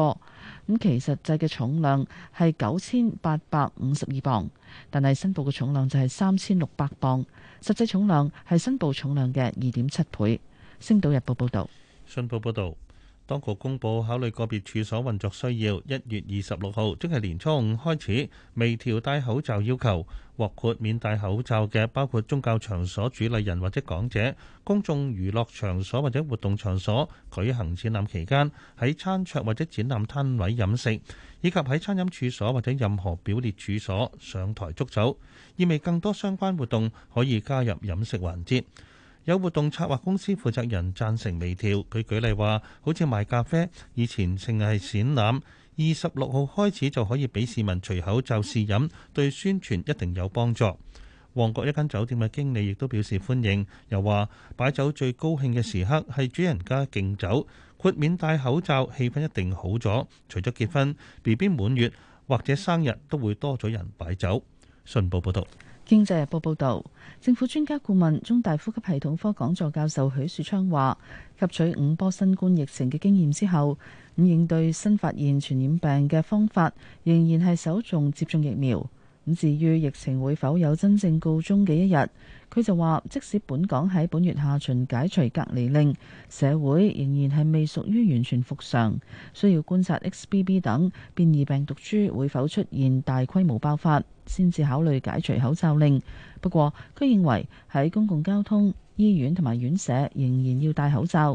咁，其實際嘅重量係九千八百五十二磅，但係申報嘅重量就係三千六百磅，實際重量係申報重量嘅二點七倍。星島日報報道，信報報道。當局公佈考慮個別處所運作需要，一月二十六號即係年初五開始微調戴口罩要求，獲豁免戴口罩嘅包括宗教場所主禮人或者講者、公眾娛樂場所或者活動場所舉行展覽期間喺餐桌或者展覽攤位飲食，以及喺餐飲處所或者任何表列處所上台祝酒，意味更多相關活動可以加入飲食環節。有活動策劃公司負責人贊成微調，佢舉例話：好似賣咖啡，以前淨係展覽，二十六號開始就可以俾市民除口罩試飲，對宣傳一定有幫助。旺角一間酒店嘅經理亦都表示歡迎，又話擺酒最高興嘅時刻係主人家敬酒，豁免戴口罩，氣氛一定好咗。除咗結婚、B B 滿月或者生日，都會多咗人擺酒。信報報道。經濟日報報道，政府專家顧問、中大呼吸系統科講座教授許樹昌話，吸取五波新冠疫情嘅經驗之後，咁應對新發現傳染病嘅方法，仍然係首重接種疫苗。咁至於疫情會否有真正告終嘅一日？佢就話，即使本港喺本月下旬解除隔離令，社會仍然係未屬於完全復常，需要觀察 XBB 等變異病毒株會否出現大規模爆發，先至考慮解除口罩令。不過，佢認為喺公共交通、醫院同埋院舍仍然要戴口罩。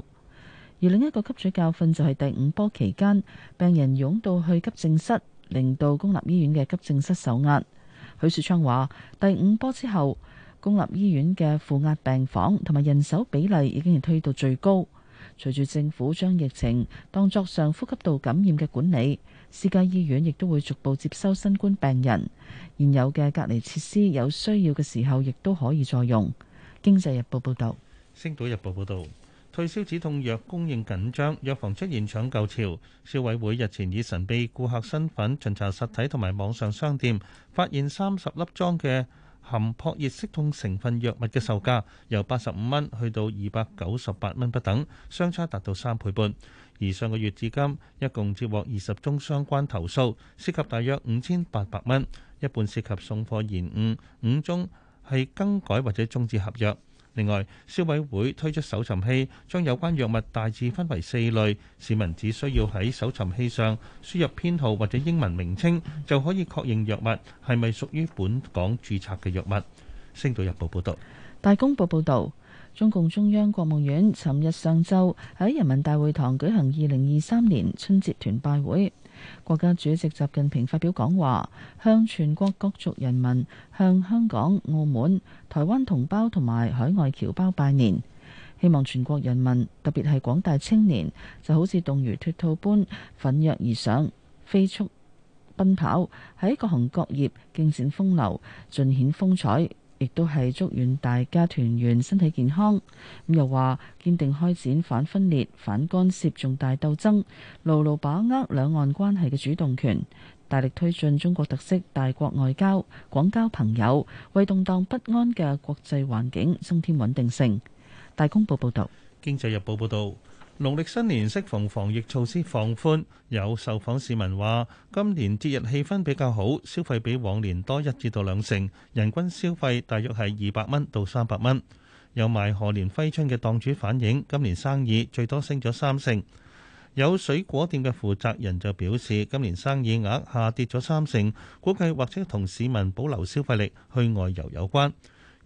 而另一個吸取教訓就係第五波期間，病人湧到去急症室，令到公立醫院嘅急症室受壓。許樹昌話：第五波之後，公立醫院嘅負壓病房同埋人手比例已經係推到最高。隨住政府將疫情當作上呼吸道感染嘅管理，私家醫院亦都會逐步接收新冠病人。現有嘅隔離設施有需要嘅時候，亦都可以再用。經濟日報報道，星島日報報道。退燒止痛藥供應緊張，藥房出現搶購潮。消委會日前以神秘顧客身份巡查實體同埋網上商店，發現三十粒裝嘅含撲熱息痛成分藥物嘅售價由八十五蚊去到二百九十八蚊不等，相差達到三倍半。而上個月至今，一共接獲二十宗相關投訴，涉及大約五千八百蚊，一半涉及送貨延誤，五宗係更改或者終止合約。另外，消委會推出搜尋器，將有關藥物大致分為四類，市民只需要喺搜尋器上輸入編號或者英文名稱，就可以確認藥物係咪屬於本港注冊嘅藥物。星島日報報道，大公報報道，中共中央國務院尋日上晝喺人民大會堂舉行二零二三年春節團拜會。國家主席習近平發表講話，向全國各族人民、向香港、澳門、臺灣同胞同埋海外僑胞拜年，希望全國人民，特別係廣大青年，就好似動如脱兔般奮躍而上，飛速奔跑，喺各行各業競展風流，盡顯風采。亦都係祝願大家團圓、身體健康。咁又話堅定開展反分裂、反干涉重大鬥爭，牢牢把握兩岸關係嘅主動權，大力推進中國特色大國外交，廣交朋友，為動盪不安嘅國際環境增添穩定性。大公報報道。《經濟日報》報導。農曆新年適逢防疫措施放寬，有受訪市民話：今年節日氣氛比較好，消費比往年多一至到兩成，人均消費大約係二百蚊到三百蚊。有賣賀年揮春嘅檔主反映，今年生意最多升咗三成。有水果店嘅負責人就表示，今年生意額下跌咗三成，估計或者同市民保留消費力去外遊有關。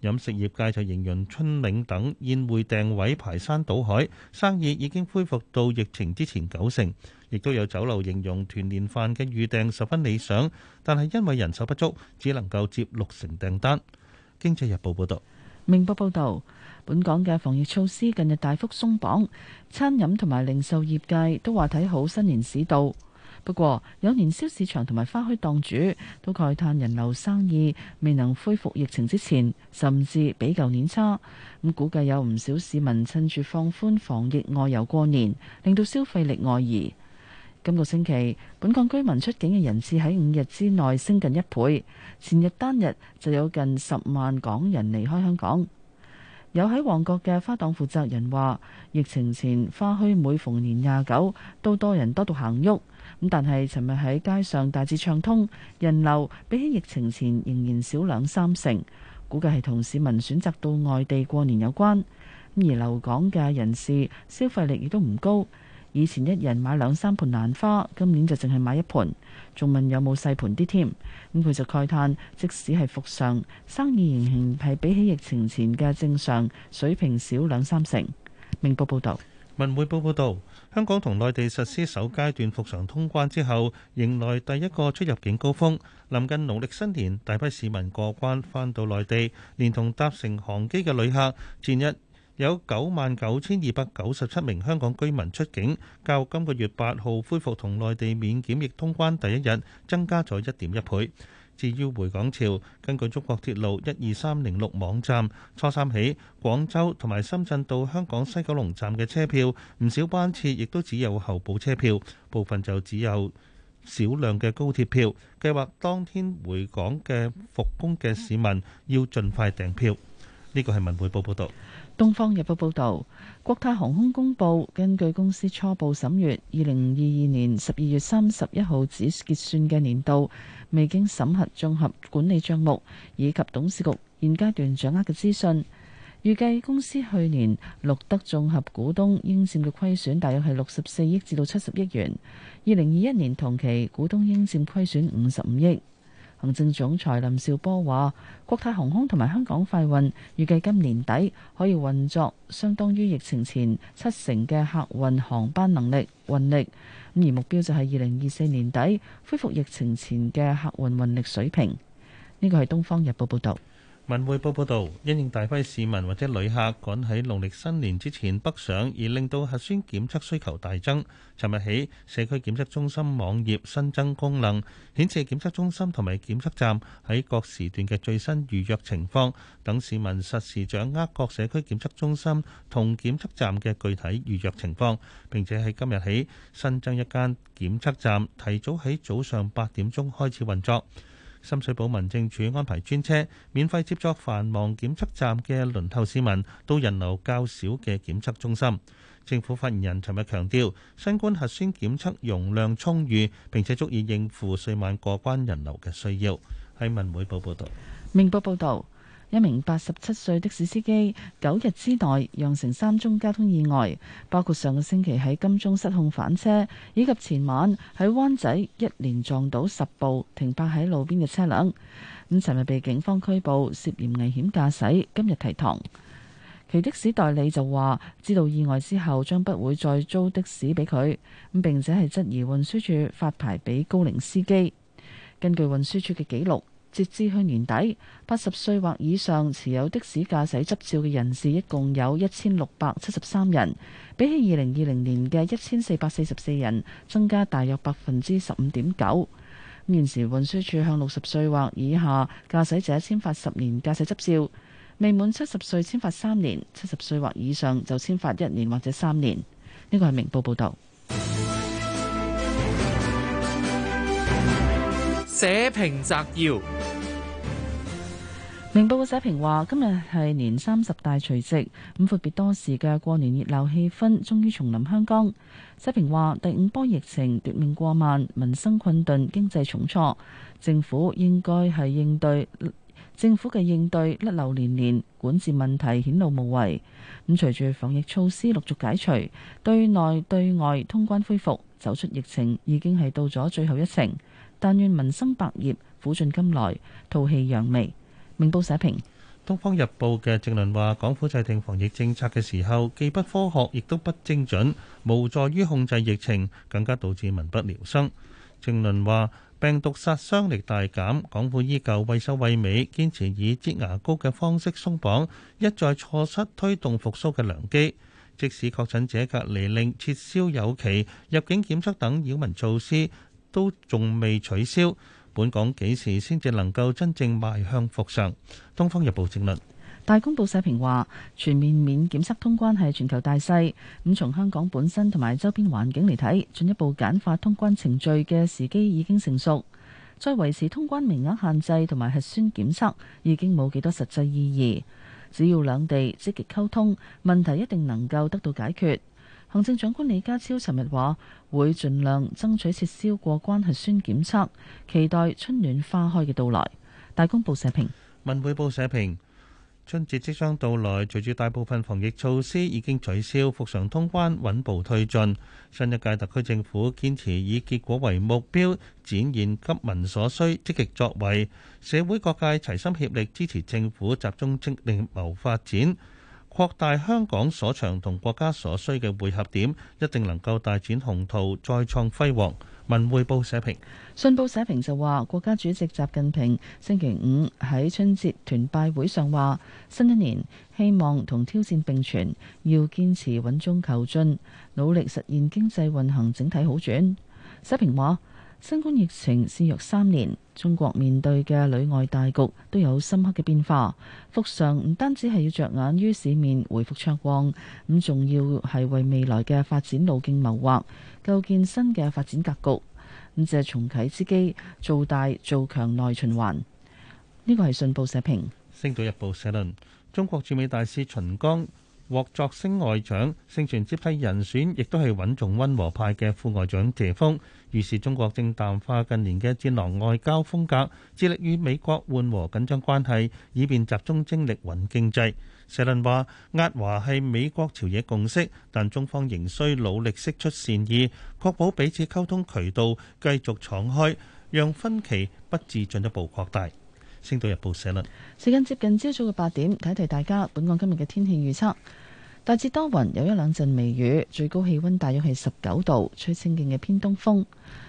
飲食業界就形容春茗等宴會訂位排山倒海，生意已經恢復到疫情之前九成，亦都有酒樓形容團年飯嘅預訂十分理想，但係因為人手不足，只能夠接六成訂單。經濟日報報道，明報報道，本港嘅防疫措施近日大幅鬆綁，餐飲同埋零售業界都話睇好新年市道。不過，有年宵市場同埋花墟檔主都慨嘆人流生意未能恢復疫情之前，甚至比舊年差。咁估計有唔少市民趁住放寬防疫外遊過年，令到消費力外移。今個星期，本港居民出境嘅人次喺五日之內升近一倍，前日單日就有近十萬港人離開香港。有喺旺角嘅花檔負責人話，疫情前花墟每逢年廿九都多人多到行喐。咁但係，尋日喺街上大致暢通，人流比起疫情前仍然少兩三成，估計係同市民選擇到外地過年有關。而留港嘅人士消費力亦都唔高，以前一人買兩三盆蘭花，今年就淨係買一盆，仲問有冇細盆啲添。咁、嗯、佢就慨嘆，即使係復常，生意仍然係比起疫情前嘅正常水平少兩三成。明報報道。文匯報報導。香港同內地實施首階段復常通關之後，迎來第一個出入境高峰。臨近農曆新年，大批市民過關返到內地，連同搭乘航機嘅旅客，前日有九萬九千二百九十七名香港居民出境，較今個月八號恢復同內地免檢疫通關第一日增加咗一點一倍。至於回港潮，根據中國鐵路一二三零六網站，初三起廣州同埋深圳到香港西九龍站嘅車票，唔少班次亦都只有候補車票，部分就只有少量嘅高鐵票。計劃當天回港嘅復工嘅市民要盡快訂票。呢個係文匯報報導，《東方日報》報導，國泰航空公布，根據公司初步審閱，二零二二年十二月三十一號止結算嘅年度。未經審核綜合管理賬目以及董事局現階段掌握嘅資訊，預計公司去年錄得綜合股東應佔嘅虧損大約係六十四億至到七十億元。二零二一年同期，股東應佔虧損五十五億。行政總裁林紹波話：國泰航空同埋香港快運預計今年底可以運作相當於疫情前七成嘅客運航班能力運力，咁而目標就係二零二四年底恢復疫情前嘅客運運力水平。呢個係《東方日報》報道。文匯報報道，因應大批市民或者旅客趕喺農曆新年之前北上，而令到核酸檢測需求大增。尋日起，社區檢測中心網頁新增功能，顯示檢測中心同埋檢測站喺各時段嘅最新預約情況，等市民實時掌握各社區檢測中心同檢測站嘅具體預約情況，並且喺今日起新增一間檢測站，提早喺早上八點鐘開始運作。深水埗民政署安排專車免費接載繁忙檢測站嘅輪候市民到人流較少嘅檢測中心。政府發言人尋日強調，新冠核酸檢測容量充裕，並且足以應付歲晚過關人流嘅需要。喺文匯報報道，明報報道。一名八十七歲的士司機九日之內釀成三宗交通意外，包括上個星期喺金鐘失控反車，以及前晚喺灣仔一連撞到十部停泊喺路邊嘅車輛。咁尋日被警方拘捕，涉嫌危險駕駛。今日提堂，其的士代理就話知道意外之後，將不會再租的士俾佢咁，並且係質疑運輸署發牌俾高齡司機。根據運輸署嘅記錄。截至去年底，八十歲或以上持有的士駕駛執照嘅人士一共有一千六百七十三人，比起二零二零年嘅一千四百四十四人，增加大約百分之十五點九。咁現時運輸署向六十歲或以下駕駛者簽發十年駕駛執照，未滿七十歲簽發三年，七十歲或以上就簽發一年或者三年。呢個係明報報道。社評摘要：明報嘅社評話，今日係年三十大除夕，咁闊別多時嘅過年熱鬧氣氛終於重臨香港。社評話第五波疫情奪命過萬，民生困頓，經濟重挫，政府應該係應對，政府嘅應對甩漏連連，管治問題顯露無遺。咁隨住防疫措施陸續解除，對內對外通關恢復，走出疫情已經係到咗最後一程。但願民生百業苦盡甘來，吐氣揚眉。明報社評《東方日報》嘅正論話：港府制定防疫政策嘅時候，既不科學，亦都不精準，無助於控制疫情，更加導致民不聊生。正論話：病毒殺傷力大減，港府依舊畏首畏尾，堅持以擠牙膏嘅方式鬆綁，一再錯失推動復甦嘅良機。即使確診者隔離令撤銷有期，入境檢測等擾民措施。都仲未取消，本港幾時先至能夠真正邁向復常？《東方日報》正論。大公報社評話，全面免檢測通關係全球大勢，咁從香港本身同埋周邊環境嚟睇，進一步簡化通關程序嘅時機已經成熟。再維持通關名額限制同埋核酸檢測已經冇幾多實際意義，只要兩地積極溝通，問題一定能夠得到解決。行政長官李家超尋日話：會盡量爭取撤銷過關核酸檢測，期待春暖花開嘅到來。大公報社評，文匯報社評：春節即將到來，隨住大部分防疫措施已經取消，復常通關穩步推進。新一屆特區政府堅持以結果為目標，展現急民所需，積極作為，社會各界齊心協力支持政府集中精力謀發展。擴大香港所長同國家所需嘅匯合點，一定能夠大展宏圖，再創輝煌。文匯報社評，信報社評就話：國家主席習近平星期五喺春節團拜會上話，新一年希望同挑戰並存，要堅持穩中求進，努力實現經濟運行整體好轉。社評話：新冠疫情肆虐三年。中國面對嘅內外大局都有深刻嘅變化。復常唔單止係要着眼於市面回復灼光，咁仲要係為未來嘅發展路徑謀劃，構建新嘅發展格局。咁借重啟之機，做大做強內循環。呢、呢個係信報社評。星島日報社論：中國駐美大使秦剛。獲擢升外長，盛傳接替人選亦都係穩重溫和派嘅副外長謝鋒。預示中國正淡化近年嘅戰狼外交風格，致力與美國緩和緊張關係，以便集中精力穩經濟。社論話，壓華係美國朝野共識，但中方仍需努力釋出善意，確保彼此溝通渠道繼續敞開，讓分歧不致進一步擴大。星島日報社論。時間接近朝早嘅八點，提提大家，本港今日嘅天氣預測。大致多雲，有一兩陣微雨，最高氣溫大約係十九度，吹清勁嘅偏東風。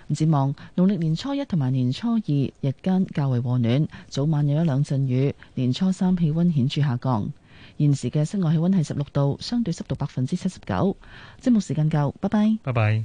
唔展望農曆年初一同埋年初二，日間較為和暖，早晚有一兩陣雨。年初三氣溫顯著下降。現時嘅室外氣溫係十六度，相對濕度百分之七十九。節目時間夠，拜拜。拜拜。